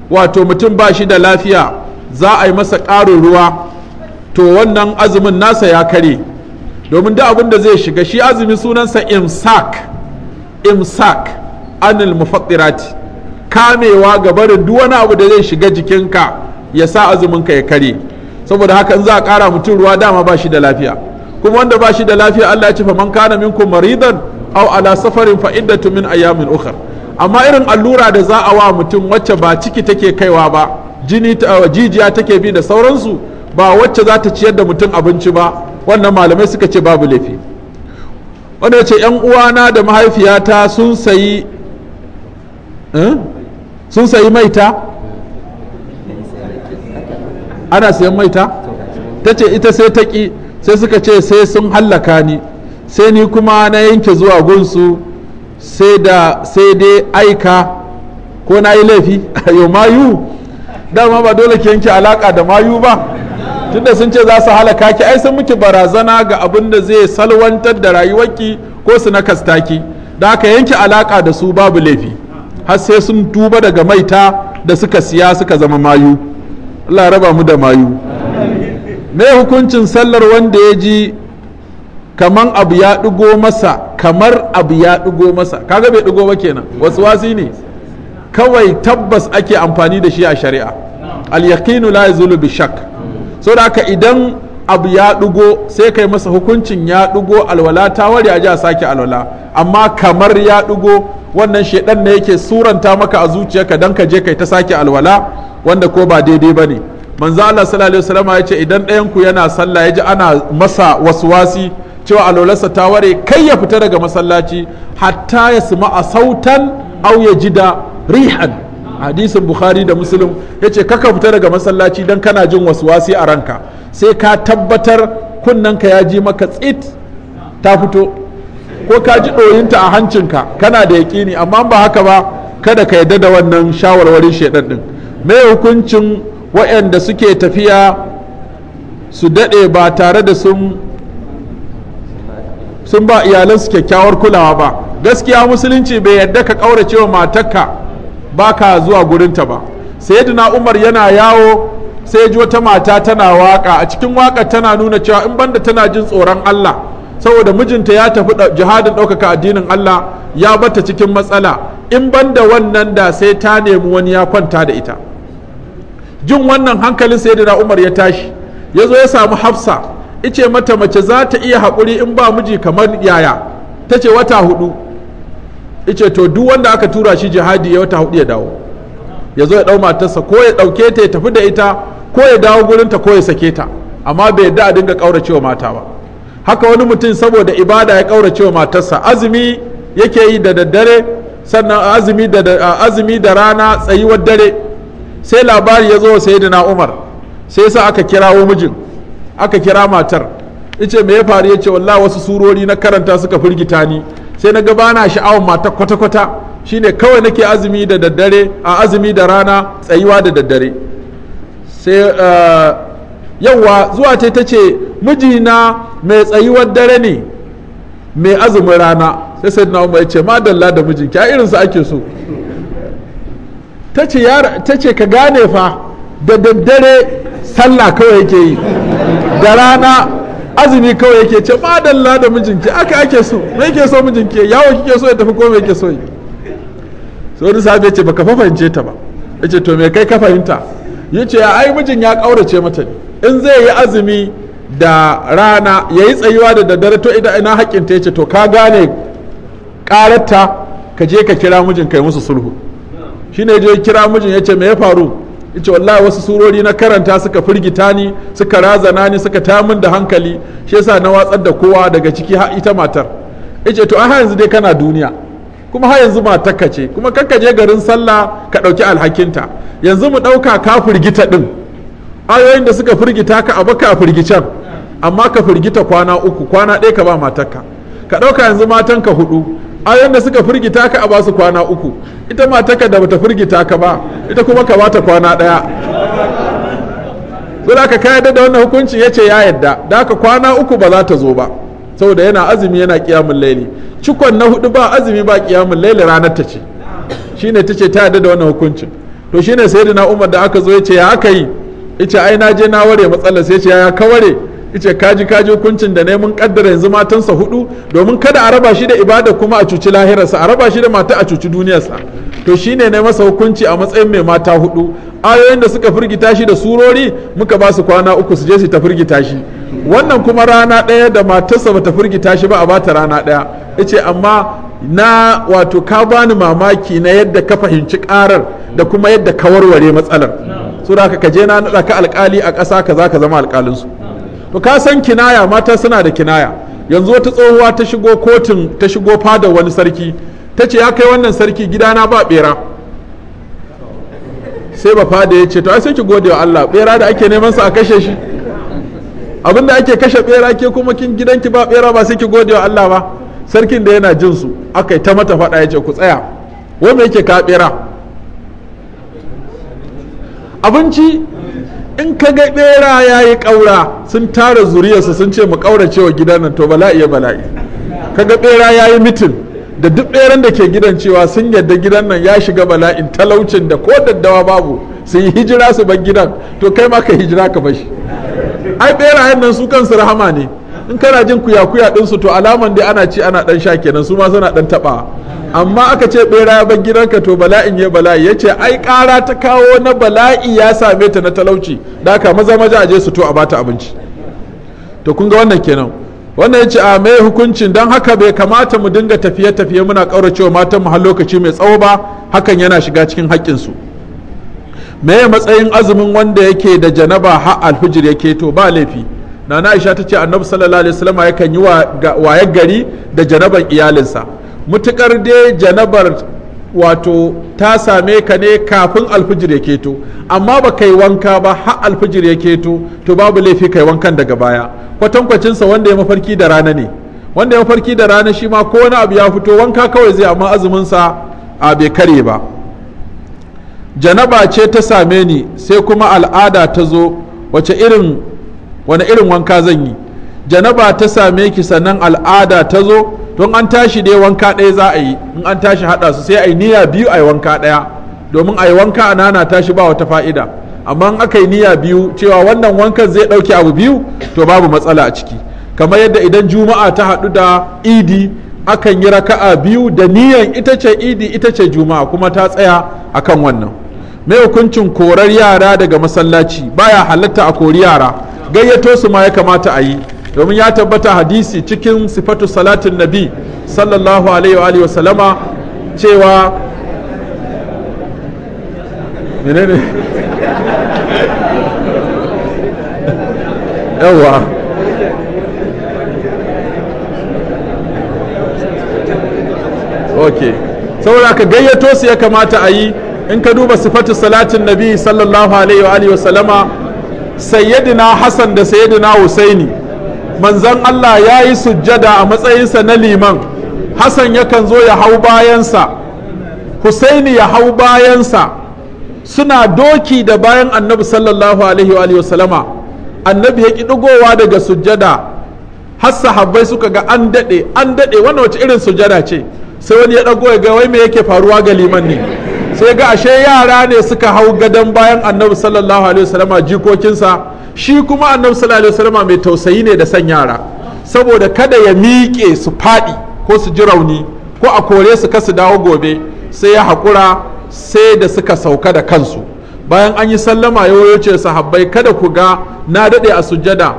wato mutum ba shi da lafiya za a yi masa ƙarin ruwa to wannan azumin nasa ya kare domin da abin da zai shiga shi azumi sunansa imsak imsak anil mufattirati kamewa ga barin duk wani abu da zai shiga jikinka ya sa azuminka ya kare saboda haka in za a kara mutum ruwa dama ba shi da lafiya kuma wanda ba shi da lafiya Allah ya ce fa man kana minkum maridan aw ala safarin fa iddatu min ayamin ukhra amma irin allura da za a wa mutum wacce ba ciki take kaiwa ba jini jijiya take bi da sauransu ba wacce za ta ciyar da mutum abinci ba wannan malamai suka ce babu laifi wanda ya ce yan uwana da mahaifiyata eh? sun sayi maita ana sayan maita ta ce ita sai ta ƙi sai suka ce sai sun hallaka ni sai ni kuma na yanke zuwa gunsu sai dai aika ko na yi laifi yau mayu dama ba dole ki yanke alaka da mayu ba tunda sun ce za su halaka ki ai sun miki barazana ga abin da zai salwantar da rayuwarki ko su nakasta ki da aka yanke alaka da su babu laifi har sai sun tuba daga maita da suka siya suka zama mayu Allah raba mu da mayu me hukuncin sallar wanda ya ji kaman abu ya ɗigo masa kamar abu ya ɗigo masa kaga bai ɗigo ba kenan wasu wasi ne kawai tabbas ake amfani da shi a shari'a al yaqinu la yazulu bi shakk so da haka idan abu ya ɗugo sai kai masa hukuncin ya ɗugo alwala ta wari a ja sake alwala amma kamar ya ɗugo wannan shaidan ne yake suranta maka a zuciyarka dan ka je kai ta sake alwala wanda ko ba daidai ba ne manzo Allah sallallahu alaihi wasallam ya ce idan ɗayan ku yana sallah ya ji ana masa waswasi cewa alwalarsa ta ware kai ya fita daga masallaci hatta ya suma a sautan au ya jida rihan hadisin bukhari da muslim ya ce kaka fita daga masallaci don kana jin wasu wasi a ranka sai ka tabbatar kunnanka ya ji maka tsit ta fito ko ka ji ɗoyinta a hancinka kana da yaƙini amma ba haka ba kada ka yadda da wannan shawarwari shaidan ɗin me hukuncin waɗanda suke tafiya su daɗe ba tare da sun sun ba iyalansu kyakkyawar kulawa ba gaskiya musulunci bai yadda ka ƙaurace wa matarka ba ka zuwa gurinta ba sayyidina umar yana yawo sai ji wata mata tana waka a cikin waka tana nuna cewa in banda tana jin tsoron Allah saboda mijinta ya tafi jihadin ɗaukaka addinin Allah ya bata cikin matsala in banda wannan da sai ta nemi wani ya kwanta da ita jin wannan hankalin na umar ya tashi ya zo ya samu hafsa ice mata mace za ta iya haƙuri in ba miji kamar yaya ta ce wata hudu ice to duk wanda aka tura shi jihadi ya wata hudu ya dawo ya zo ya dau matarsa ko ya dauke ta ya tafi da ita ko ya dawo gurin ta ko ya sake ta amma bai da a dinga kauracewa mata ba haka wani mutum saboda ibada ya kaurace wa matarsa azumi yake yi da daddare sannan azumi da azumi da rana tsayuwar dare sai labari ya zo sai da Umar sai sa aka kirawo mijin aka kira matar ice me ya faru ya ce wallahi wasu surori na karanta suka firgita ni sai na ga na sha'awar mata kwata-kwata shine kawai nake azumi da daddare a azumi da rana tsayuwa da daddare sai uh, zuwa ce ta ce mijina mai tsayuwar dare ne mai azumin rana sai sai na umar ya ce madalla da mijinki irin irinsa ake so ta ce ka gane fa da daddare sallah kawai yake yi da rana azumi kawai yake ce ba dalla da mijinki aka ake so me yake so mijinki yawo kike so ya tafi ko me yake so yi so wani sahabi ya ce baka fahimce ta ba yace to me kai ka fahimta yace ai mijin ya kaurace mata ne in zai yi azumi da rana ya yi tsayuwa da daddare to idan ina haƙƙin ta yace to ka gane ƙararta ka je ka kira mijin kai musu sulhu shine je kira mijin yace me ya faru yace wallahi wasu surori na karanta suka firgita ni suka razana ni suka tamun da hankali shi yasa na watsar da kowa daga ciki har ita matar yace to har yanzu dai kana duniya kuma har yanzu matarka ce kuma kanka je garin sallah ka dauki alhakinta yanzu mu dauka ka firgita din ayoyin da suka firgita ka a baka a firgicen amma ka firgita kwana uku kwana ɗaya ka ba matarka ka dauka yanzu matanka hudu a da suka firgita ka a ba su kwana uku ita ma taka da bata firgita ka ba ita kuma ka bata kwana daya sai aka kayyade da wannan hukunci ya ce ya yadda da aka kwana uku ba za ta zo ba saboda yana azumi yana kiyamun laili cikon na hudu ba azumi ba kiyamun laili ranar ta ce shine ta ce ta yadda da wannan hukunci to shine sayyidina umar da aka zo ya ce ya aka yi ita ai na je na ware matsalar sai ya ce ya ka ware ice kaji kaji hukuncin da ne mun kaddara yanzu matansa hudu domin kada a raba shi da ibada kuma a cuci lahirarsa a raba shi da mata a cuci duniyarsa to shine ne masa hukunci a matsayin mai mata hudu ayoyin da suka firgita shi da surori muka ba su kwana uku su je su ta firgita shi wannan kuma rana daya da matarsa bata firgita shi ba a bata rana daya ice amma na wato ka bani mamaki na yadda ka fahimci karar da kuma yadda ka warware matsalar so da ka je na naɗa ka alƙali a ƙasa za ka zama alƙalinsu to ka san kinaya mata suna da kinaya yanzu wata tsohuwa ta shigo kotun ta shigo fada wani sarki ta ce ya kai wannan sarki gidana ba bera sai ba fada ya ce to ai sai ki gode wa Allah bera da ake neman sa a kashe shi abinda ake kashe bera ke kuma kin gidanki ba bera ba sai ki gode wa Allah ba sarkin da yana jin su akai ta mata fada ya ce ku tsaya wai me yake ka bera abinci in ka ga bera ya yi ƙaura sun tara zuriyarsa sun ce mu ƙaurace wa gidan nan to bala'i ya bala'i ka ga bera ya yi mitin da duk beran da ke gidan cewa sun yadda gidan nan ya shiga bala'in talaucin da ko daddawa babu su yi hijira su bar gidan to kai ma ka hijira ka bashi ai berayen nan su kansu rahama ne in kana jin kuya kuya din to alaman dai ana ci ana ɗan sha kenan su ma suna dan taɓa amma aka ce bera ya bar gidanka to bala'in ya bala'i ya ce ai ƙara ta kawo na bala'i ya same ta na talauci da haka maza maza a je su to a bata abinci to kun ga wannan kenan wannan ya ce a mai hukuncin don haka bai kamata mu dinga tafiye tafiye muna kauracewa matan mu har lokaci mai tsawo ba hakan yana shiga cikin haƙƙin su me matsayin azumin wanda yake da janaba har alhijir yake to ba laifi nana aisha ta ce annabi sallallahu alaihi wasallam yakan yi waye gari da janabar iyalinsa mutukar dai janabar wato ta same ka ne kafin alfijir ya keto amma ba kai wanka ba har alfijir ya keto to babu laifi kai wankan daga baya kwatankwacinsa wanda ya mafarki da rana ne wanda ya mafarki da rana shi ma ko wani abu ya fito wanka kawai zai amma sa a bai kare ba janaba ce ta same ni sai kuma al'ada ta zo wace irin wani irin wanka zan yi janaba ta same ki sannan al'ada ta zo don an tashi dai wanka ɗaya za a yi in an tashi haɗa su sai a yi niyya biyu a yi wanka ɗaya domin a yi wanka a nana tashi ba wata fa'ida amma in aka yi niyya biyu cewa wannan wankan zai ɗauke abu biyu to babu matsala a ciki kamar yadda idan juma'a ta haɗu da idi akan yi raka'a biyu da niyyan ita ce idi ita ce juma'a kuma ta tsaya akan wannan mai hukuncin korar yara daga masallaci baya halatta a kori yara gayyato su ma ya kamata a yi domin ya tabbata hadisi cikin sifatu salatin nabi sallallahu alaihi wa sallama cewa menene yawa ok saboda ka gayyato su ya kamata a yi in ka duba sifatu salatin nabi sallallahu alaihi wa salama. sayyidina hassan da sayyidina husaini manzon allah ya yi sujjada a matsayinsa na liman hassan yakan zo ya hau bayansa husaini ya hau bayansa suna doki da bayan annabi sallallahu alaihi wa sallama annabi ya ki ɗigowa daga sujjada har sahabbai suka ga an daɗe an daɗe wannan wace irin sujjada ce sai wani ya ɗago ya ga wai me yake faruwa ga liman ne sai ga ashe yara ne suka hau gadon bayan annabi sallallahu alaihi wasallama jikokinsa shi kuma annabi sallallahu alaihi wasallama mai tausayi ne da san yara saboda kada ya miƙe su faɗi ko su ji rauni ko a kore su kasu dawo gobe sai ya haƙura sai da suka sauka da kansu bayan an yi sallama ya wayo ce sahabbai kada ku ga na daɗe a sujjada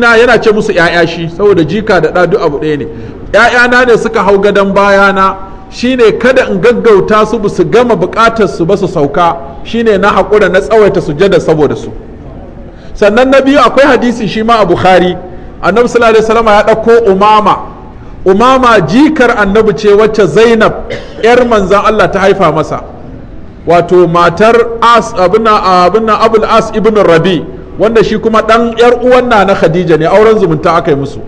na yana ce musu ‘ya'ya shi saboda jika da ɗa duk abu ɗaya ne ‘ya'yana ne suka hau gadon bayana shine kada in gaggauta su ba su gama bukatar su ba su sauka shine na haƙura na tsawaita sujada saboda su sannan na biyu akwai hadisi shi ma a bukhari annabi sallallahu alaihi wasallam ya ɗauko umama umama jikar annabi ce wacce zainab yar manzan allah ta haifa masa wato matar as abinna abul as ibn rabi wanda shi kuma ɗan yar uwan na na khadija ne auren zumunta aka yi musu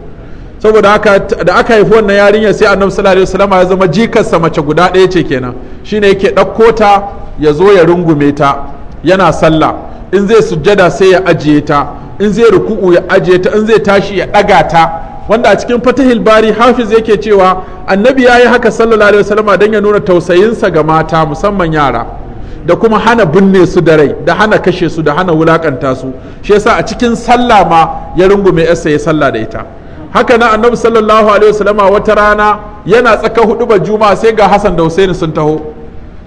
saboda da aka haifi wannan yarinyar sai annabi sallallahu alaihi wasallam ya zama jikarsa mace guda ɗaya ce kenan shine yake ɗauko ta ya zo ya rungume ta yana sallah in zai sujjada sai ya ajiye ta in zai ruku'u ya ajiye ta in zai tashi ya ɗaga ta wanda a cikin fatahil bari hafiz yake cewa annabi ya yi haka sallallahu alaihi wasallam don ya nuna tausayinsa ga mata musamman yara da kuma hana binne su da rai da hana kashe su da hana wulakanta su shi yasa a cikin sallah ma ya rungume yarsa ya sallah da ita haka na annabi sallallahu alaihi wasallam wata rana yana tsaka hudu ba juma sai ga hasan da Husaini sun taho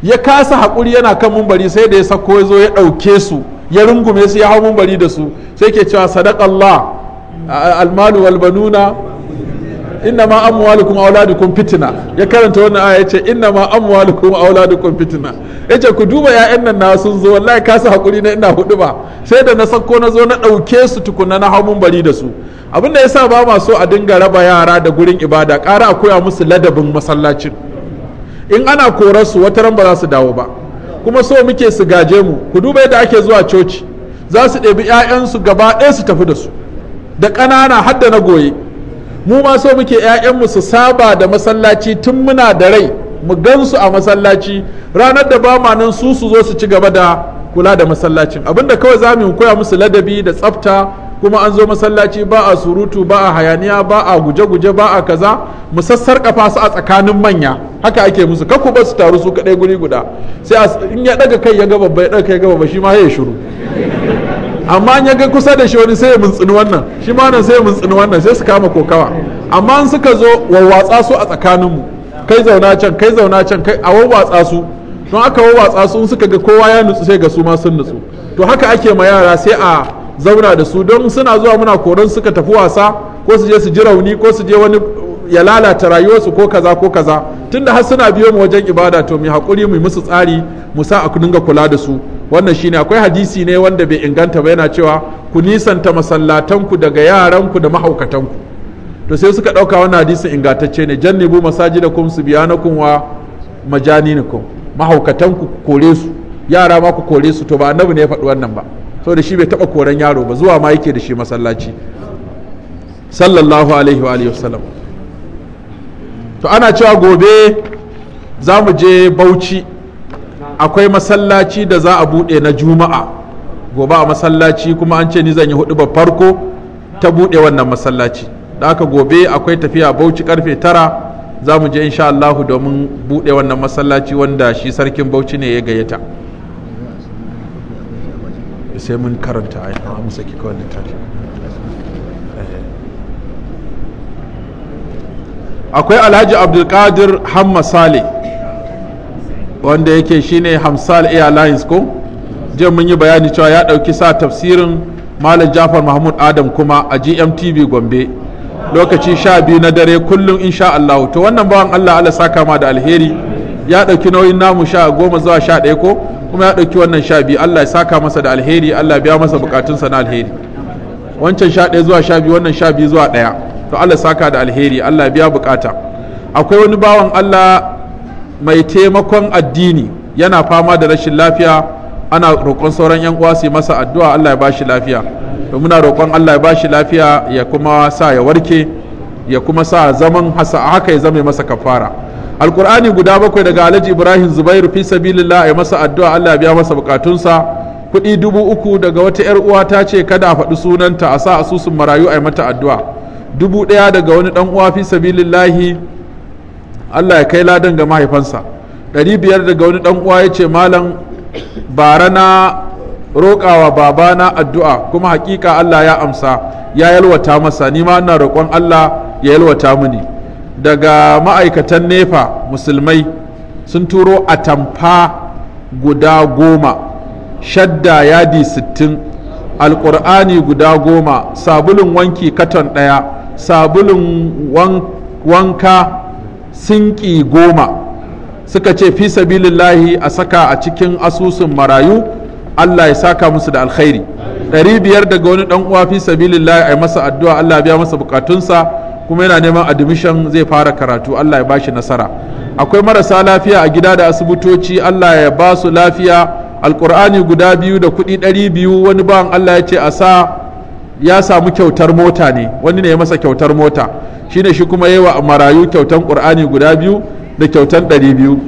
ya kasa haƙuri yana kan mumbari sai da ya sako ya zo ya ɗauke su ya rungume su ya hau mumbari da su sai ke cewa sadaqallah almalu walbanuna inna ma amwalukum auladukum fitna ya karanta wannan aya yace inna ma amwalukum auladukum fitna yace ku duba ƴaƴan nan na sun zo wallahi ka su hakuri na ina hudu ba sai da na sako na zo na dauke su tukunna na mun bari da su abin da yasa ba ma so a dinga raba yara da gurin ibada ƙara a koya musu ladabin masallacin in ana korar su wata ran ba za su dawo ba kuma so muke su gaje mu ku duba yadda ake zuwa coci za su ɗebi 'ya'yansu gaba ɗaya su tafi da su da ƙanana har da na goye mu ma so muke 'ya'yanmu su saba da masallaci tun muna da rai mu gansu a masallaci ranar da ba ma nan su su zo su ci gaba da kula da masallacin abinda kawai za mu koya musu ladabi da tsafta kuma an zo masallaci ba a surutu ba a hayaniya ba a guje-guje ba a kaza mu kafa su a tsakanin manya haka ake musu kaku ba su taru su kaɗai guri guda sai in ya ɗaga kai ya ga babba ya ɗaga kai ya ga babba shi ma ya shiru amma ya ga kusa da shi wani sai ya muntsini wannan shi ma nan sai ya muntsini wannan sai su kama kokawa amma an suka zo wawwatsa su a tsakaninmu kai zauna can kai zauna can kai a wawwatsa su don aka wawwatsa su in suka ga kowa ya nutsu sai ga su ma sun nutsu to haka ake ma yara sai a zauna da su don suna zuwa muna koran suka tafi wasa ko su je su ji rauni ko su je wani ya lalata rayuwarsu ko kaza ko kaza tunda har suna biyo mu wajen ibada to mu hakuri mu musu tsari mu sa a dinga kula da su wannan shine akwai hadisi ne wanda bai inganta ba yana cewa ku nisanta masallatanku daga yaranku da mahaukatanku to sai suka ɗauka wannan hadisin ingantacce ne jannibu masajidakum subyanakum wa majaninakum mahaukatanku ku kore su yara ma ku kore su to ba annabi ne ya faɗi wannan ba da shi bai taɓa koren yaro ba zuwa ma yake da shi masallaci sallallahu alaihi wa alihi wasallam to ana cewa gobe za mu je bauchi akwai masallaci da za a buɗe na juma'a gobe a masallaci kuma an ce ni zan yi hudu ba farko ta buɗe wannan masallaci da aka gobe akwai tafiya bauchi karfe tara za mu je insha Allahu domin buɗe wannan masallaci wanda shi sarkin bauchi ne ya gayyata sai mun karanta a kawai littafi eh. akwai alhaji abdulkadir hamma sale. wanda yake shine hamsal airlines ko jiya mun yi bayani cewa ya ɗauki sa tafsirin malam jafar mahmud adam kuma a gmtv gombe lokaci sha biyu na dare kullum insha allahu to wannan bawan allah allah saka ma da alheri ya ɗauki nauyin namu sha goma zuwa sha ɗaya ko kuma ya ɗauki wannan sha biyu allah ya saka masa da alheri allah biya masa bukatunsa na alheri wancan sha ɗaya zuwa sha biyu wannan sha biyu zuwa ɗaya to allah saka da alheri allah biya bukata akwai wani bawan allah mai taimakon addini yana fama da rashin lafiya ana roƙon sauran yan uwa su masa addu'a Allah ya bashi lafiya to muna roƙon Allah ya bashi lafiya ya kuma sa ya warke ya kuma sa zaman hasa haka ya zama masa kafara alkur'ani guda bakwai daga alhaji ibrahim zubairu fi sabilillah ya masa addu'a Allah ya biya masa bukatunsa kuɗi dubu uku daga wata yar uwa ta ce kada a faɗi sunanta a sa asusun marayu a mata addu'a dubu ɗaya daga wani dan uwa fi sabilillahi Allah ya kai ladan ga mahaifansa ɗari biyar daga wani ɗan uwa ya ce malam bara na roƙawa babana addu'a kuma hakika Allah ya amsa ya yalwata masa ni ma ina roƙon Allah ya yalwata mini daga ma'aikatan nefa musulmai sun turo atamfa guda goma shadda yadi sittin alƙur'ani guda goma sabulun wanki katon ɗaya sabulun wanka sinki goma suka ce fi sabilillahi a saka a cikin asusun marayu Allah ya saka musu da alkhairi ɗari biyar daga wani ɗan uwa fi sabilillahi a yi masa addu'a Allah biya masa bukatunsa kuma yana neman admission zai fara karatu Allah ya ba shi nasara akwai marasa lafiya a gida da asibitoci Allah ya ba su lafiya alkur'ani guda biyu da kuɗi ɗari biyu wani bawan Allah ya ce a sa ya samu kyautar mota ne wani ne ya masa kyautar mota shine shi kuma yi wa marayu kyautan qur'ani guda biyu da kyautan ɗari biyu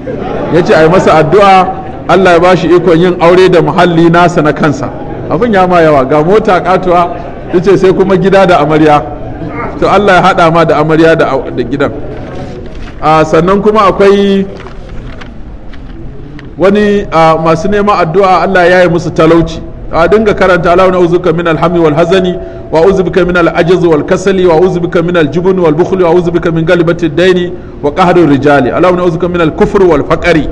ya ce a yi masa addu'a allah ya bashi ikon yin aure da muhalli nasa na kansa abin ya ma yawa ga mota katuwa ya ce sai kuma gida da amarya to allah ya haɗa ma da amarya da gidan sannan kuma akwai wani masu neman addu'a allah ya yi musu talauci a dinga karanta Allahumma uzuka min alhami wal hazani wa uzbika min al'ajaz wal kasali wa uzbika min aljubn wal bukhli wa min galibati daini wa qahru rijali na uzuka min al kufr wal faqri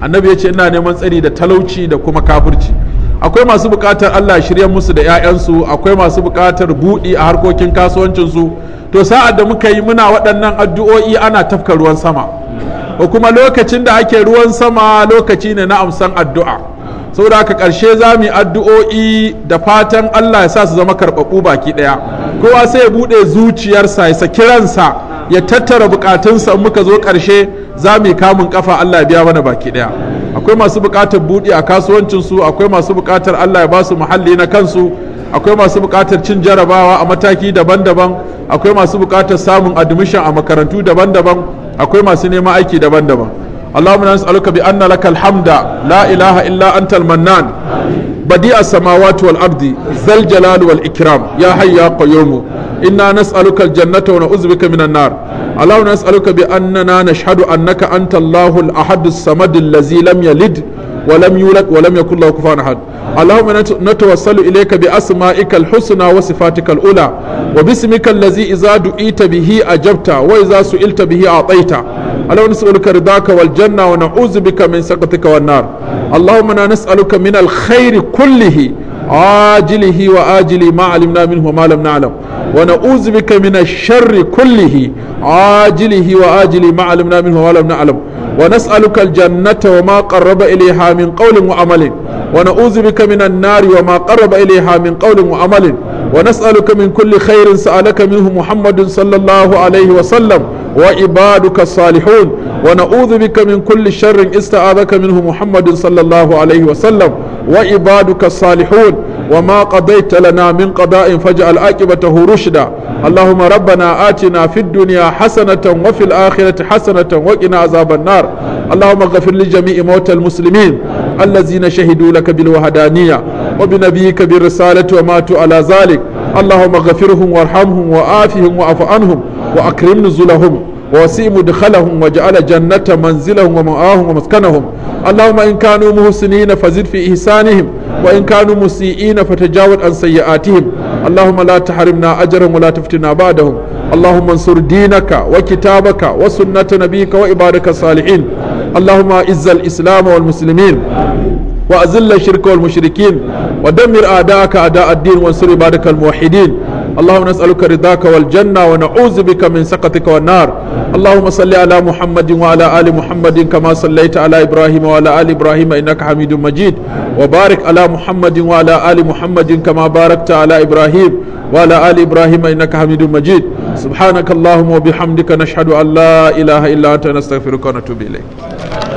annabi yace ina neman tsari da talauci da kuma kafirci akwai masu bukatar Allah shirya musu da 'ya'yansu akwai masu bukatar buɗi a harkokin kasuwancinsu to sa'ad da muka yi muna waɗannan addu'o'i ana tafka ruwan sama ko kuma lokacin da ake ruwan sama lokaci ne na amsan addu'a saboda haka ƙarshe za mu yi addu'o'i da fatan Allah ya sa su zama karɓaɓɓu baki ɗaya kowa sai ya buɗe zuciyarsa ya saki ransa ya tattara bukatunsa in muka zo ƙarshe za mu yi kamun kafa Allah ya biya mana baki ɗaya akwai masu buƙatar buɗe a kasuwancinsu akwai masu buƙatar Allah ya ba su muhalli na kansu akwai masu buƙatar cin jarabawa a mataki daban-daban akwai masu buƙatar samun admission a makarantu daban-daban akwai masu neman aiki daban-daban اللهم نسألك بأن لك الحمد لا إله إلا أنت المنان بديع السماوات والأرض ذا الجلال والإكرام يا حي يا قيوم إنا نسألك الجنة ونعوذ من النار اللهم نسألك بأننا نشهد أنك أنت الله الأحد الصمد الذي لم يلد ولم يولد ولم يكن له كفوا احد اللهم نتوسل اليك باسمائك الحسنى وصفاتك الاولى وباسمك الذي اذا دعيت به اجبت واذا سئلت به اعطيت اللهم نسالك رضاك والجنه ونعوذ بك من سخطك والنار اللهم انا نسالك من الخير كله عاجله وآجله ما علمنا منه وما لم نعلم ونعوذ بك من الشر كله عاجله وآجله ما علمنا منه وما لم نعلم Wa na su Ali khaly jannan wa maƙar rabai da min kawai min amalin. Wa na uzu mu kammila na wa maƙar rabai da min a yi amalin. Wa na su Ali kammilkulli kairin su alaka milhu Muhammadu s.w.w. Wa ibaduka salihun mu kammilkulli shan riƙe is ta'adaka milhu Muhammadu s.w.w. Wa na su Ali kammilkulli shan riƙa وما قضيت لنا من قضاء فاجعل عاقبته رشدا اللهم ربنا آتنا في الدنيا حسنة وفي الآخرة حسنة وقنا عذاب النار اللهم اغفر لجميع موتى المسلمين الذين شهدوا لك بالوهدانية وبنبيك بالرسالة وماتوا على ذلك اللهم اغفرهم وارحمهم وآفهم وعف عنهم وأكرم نزلهم وسيء مدخلهم وجعل جنة منزلهم ومآهم ومسكنهم اللهم إن كانوا محسنين فزد في إحسانهم وإن كانوا مسيئين فتجاوز عن سيئاتهم اللهم لا تحرمنا أجرهم ولا تفتنا بعدهم اللهم انصر دينك وكتابك وسنة نبيك وعبادك الصالحين اللهم أعز الإسلام والمسلمين وأذل الشرك والمشركين ودمر أعداءك أعداء الدين وانصر عبادك الموحدين اللهم نسألك رضاك والجنة ونعوذ بك من سخطك والنار اللهم صل على محمد وعلى آل محمد كما صليت على إبراهيم وعلى آل إبراهيم إنك حميد مجيد وبارك على محمد وعلى آل محمد كما باركت على إبراهيم وعلى آل إبراهيم إنك حميد مجيد سبحانك اللهم وبحمدك نشهد أن لا إله إلا أنت نستغفرك ونتوب إليك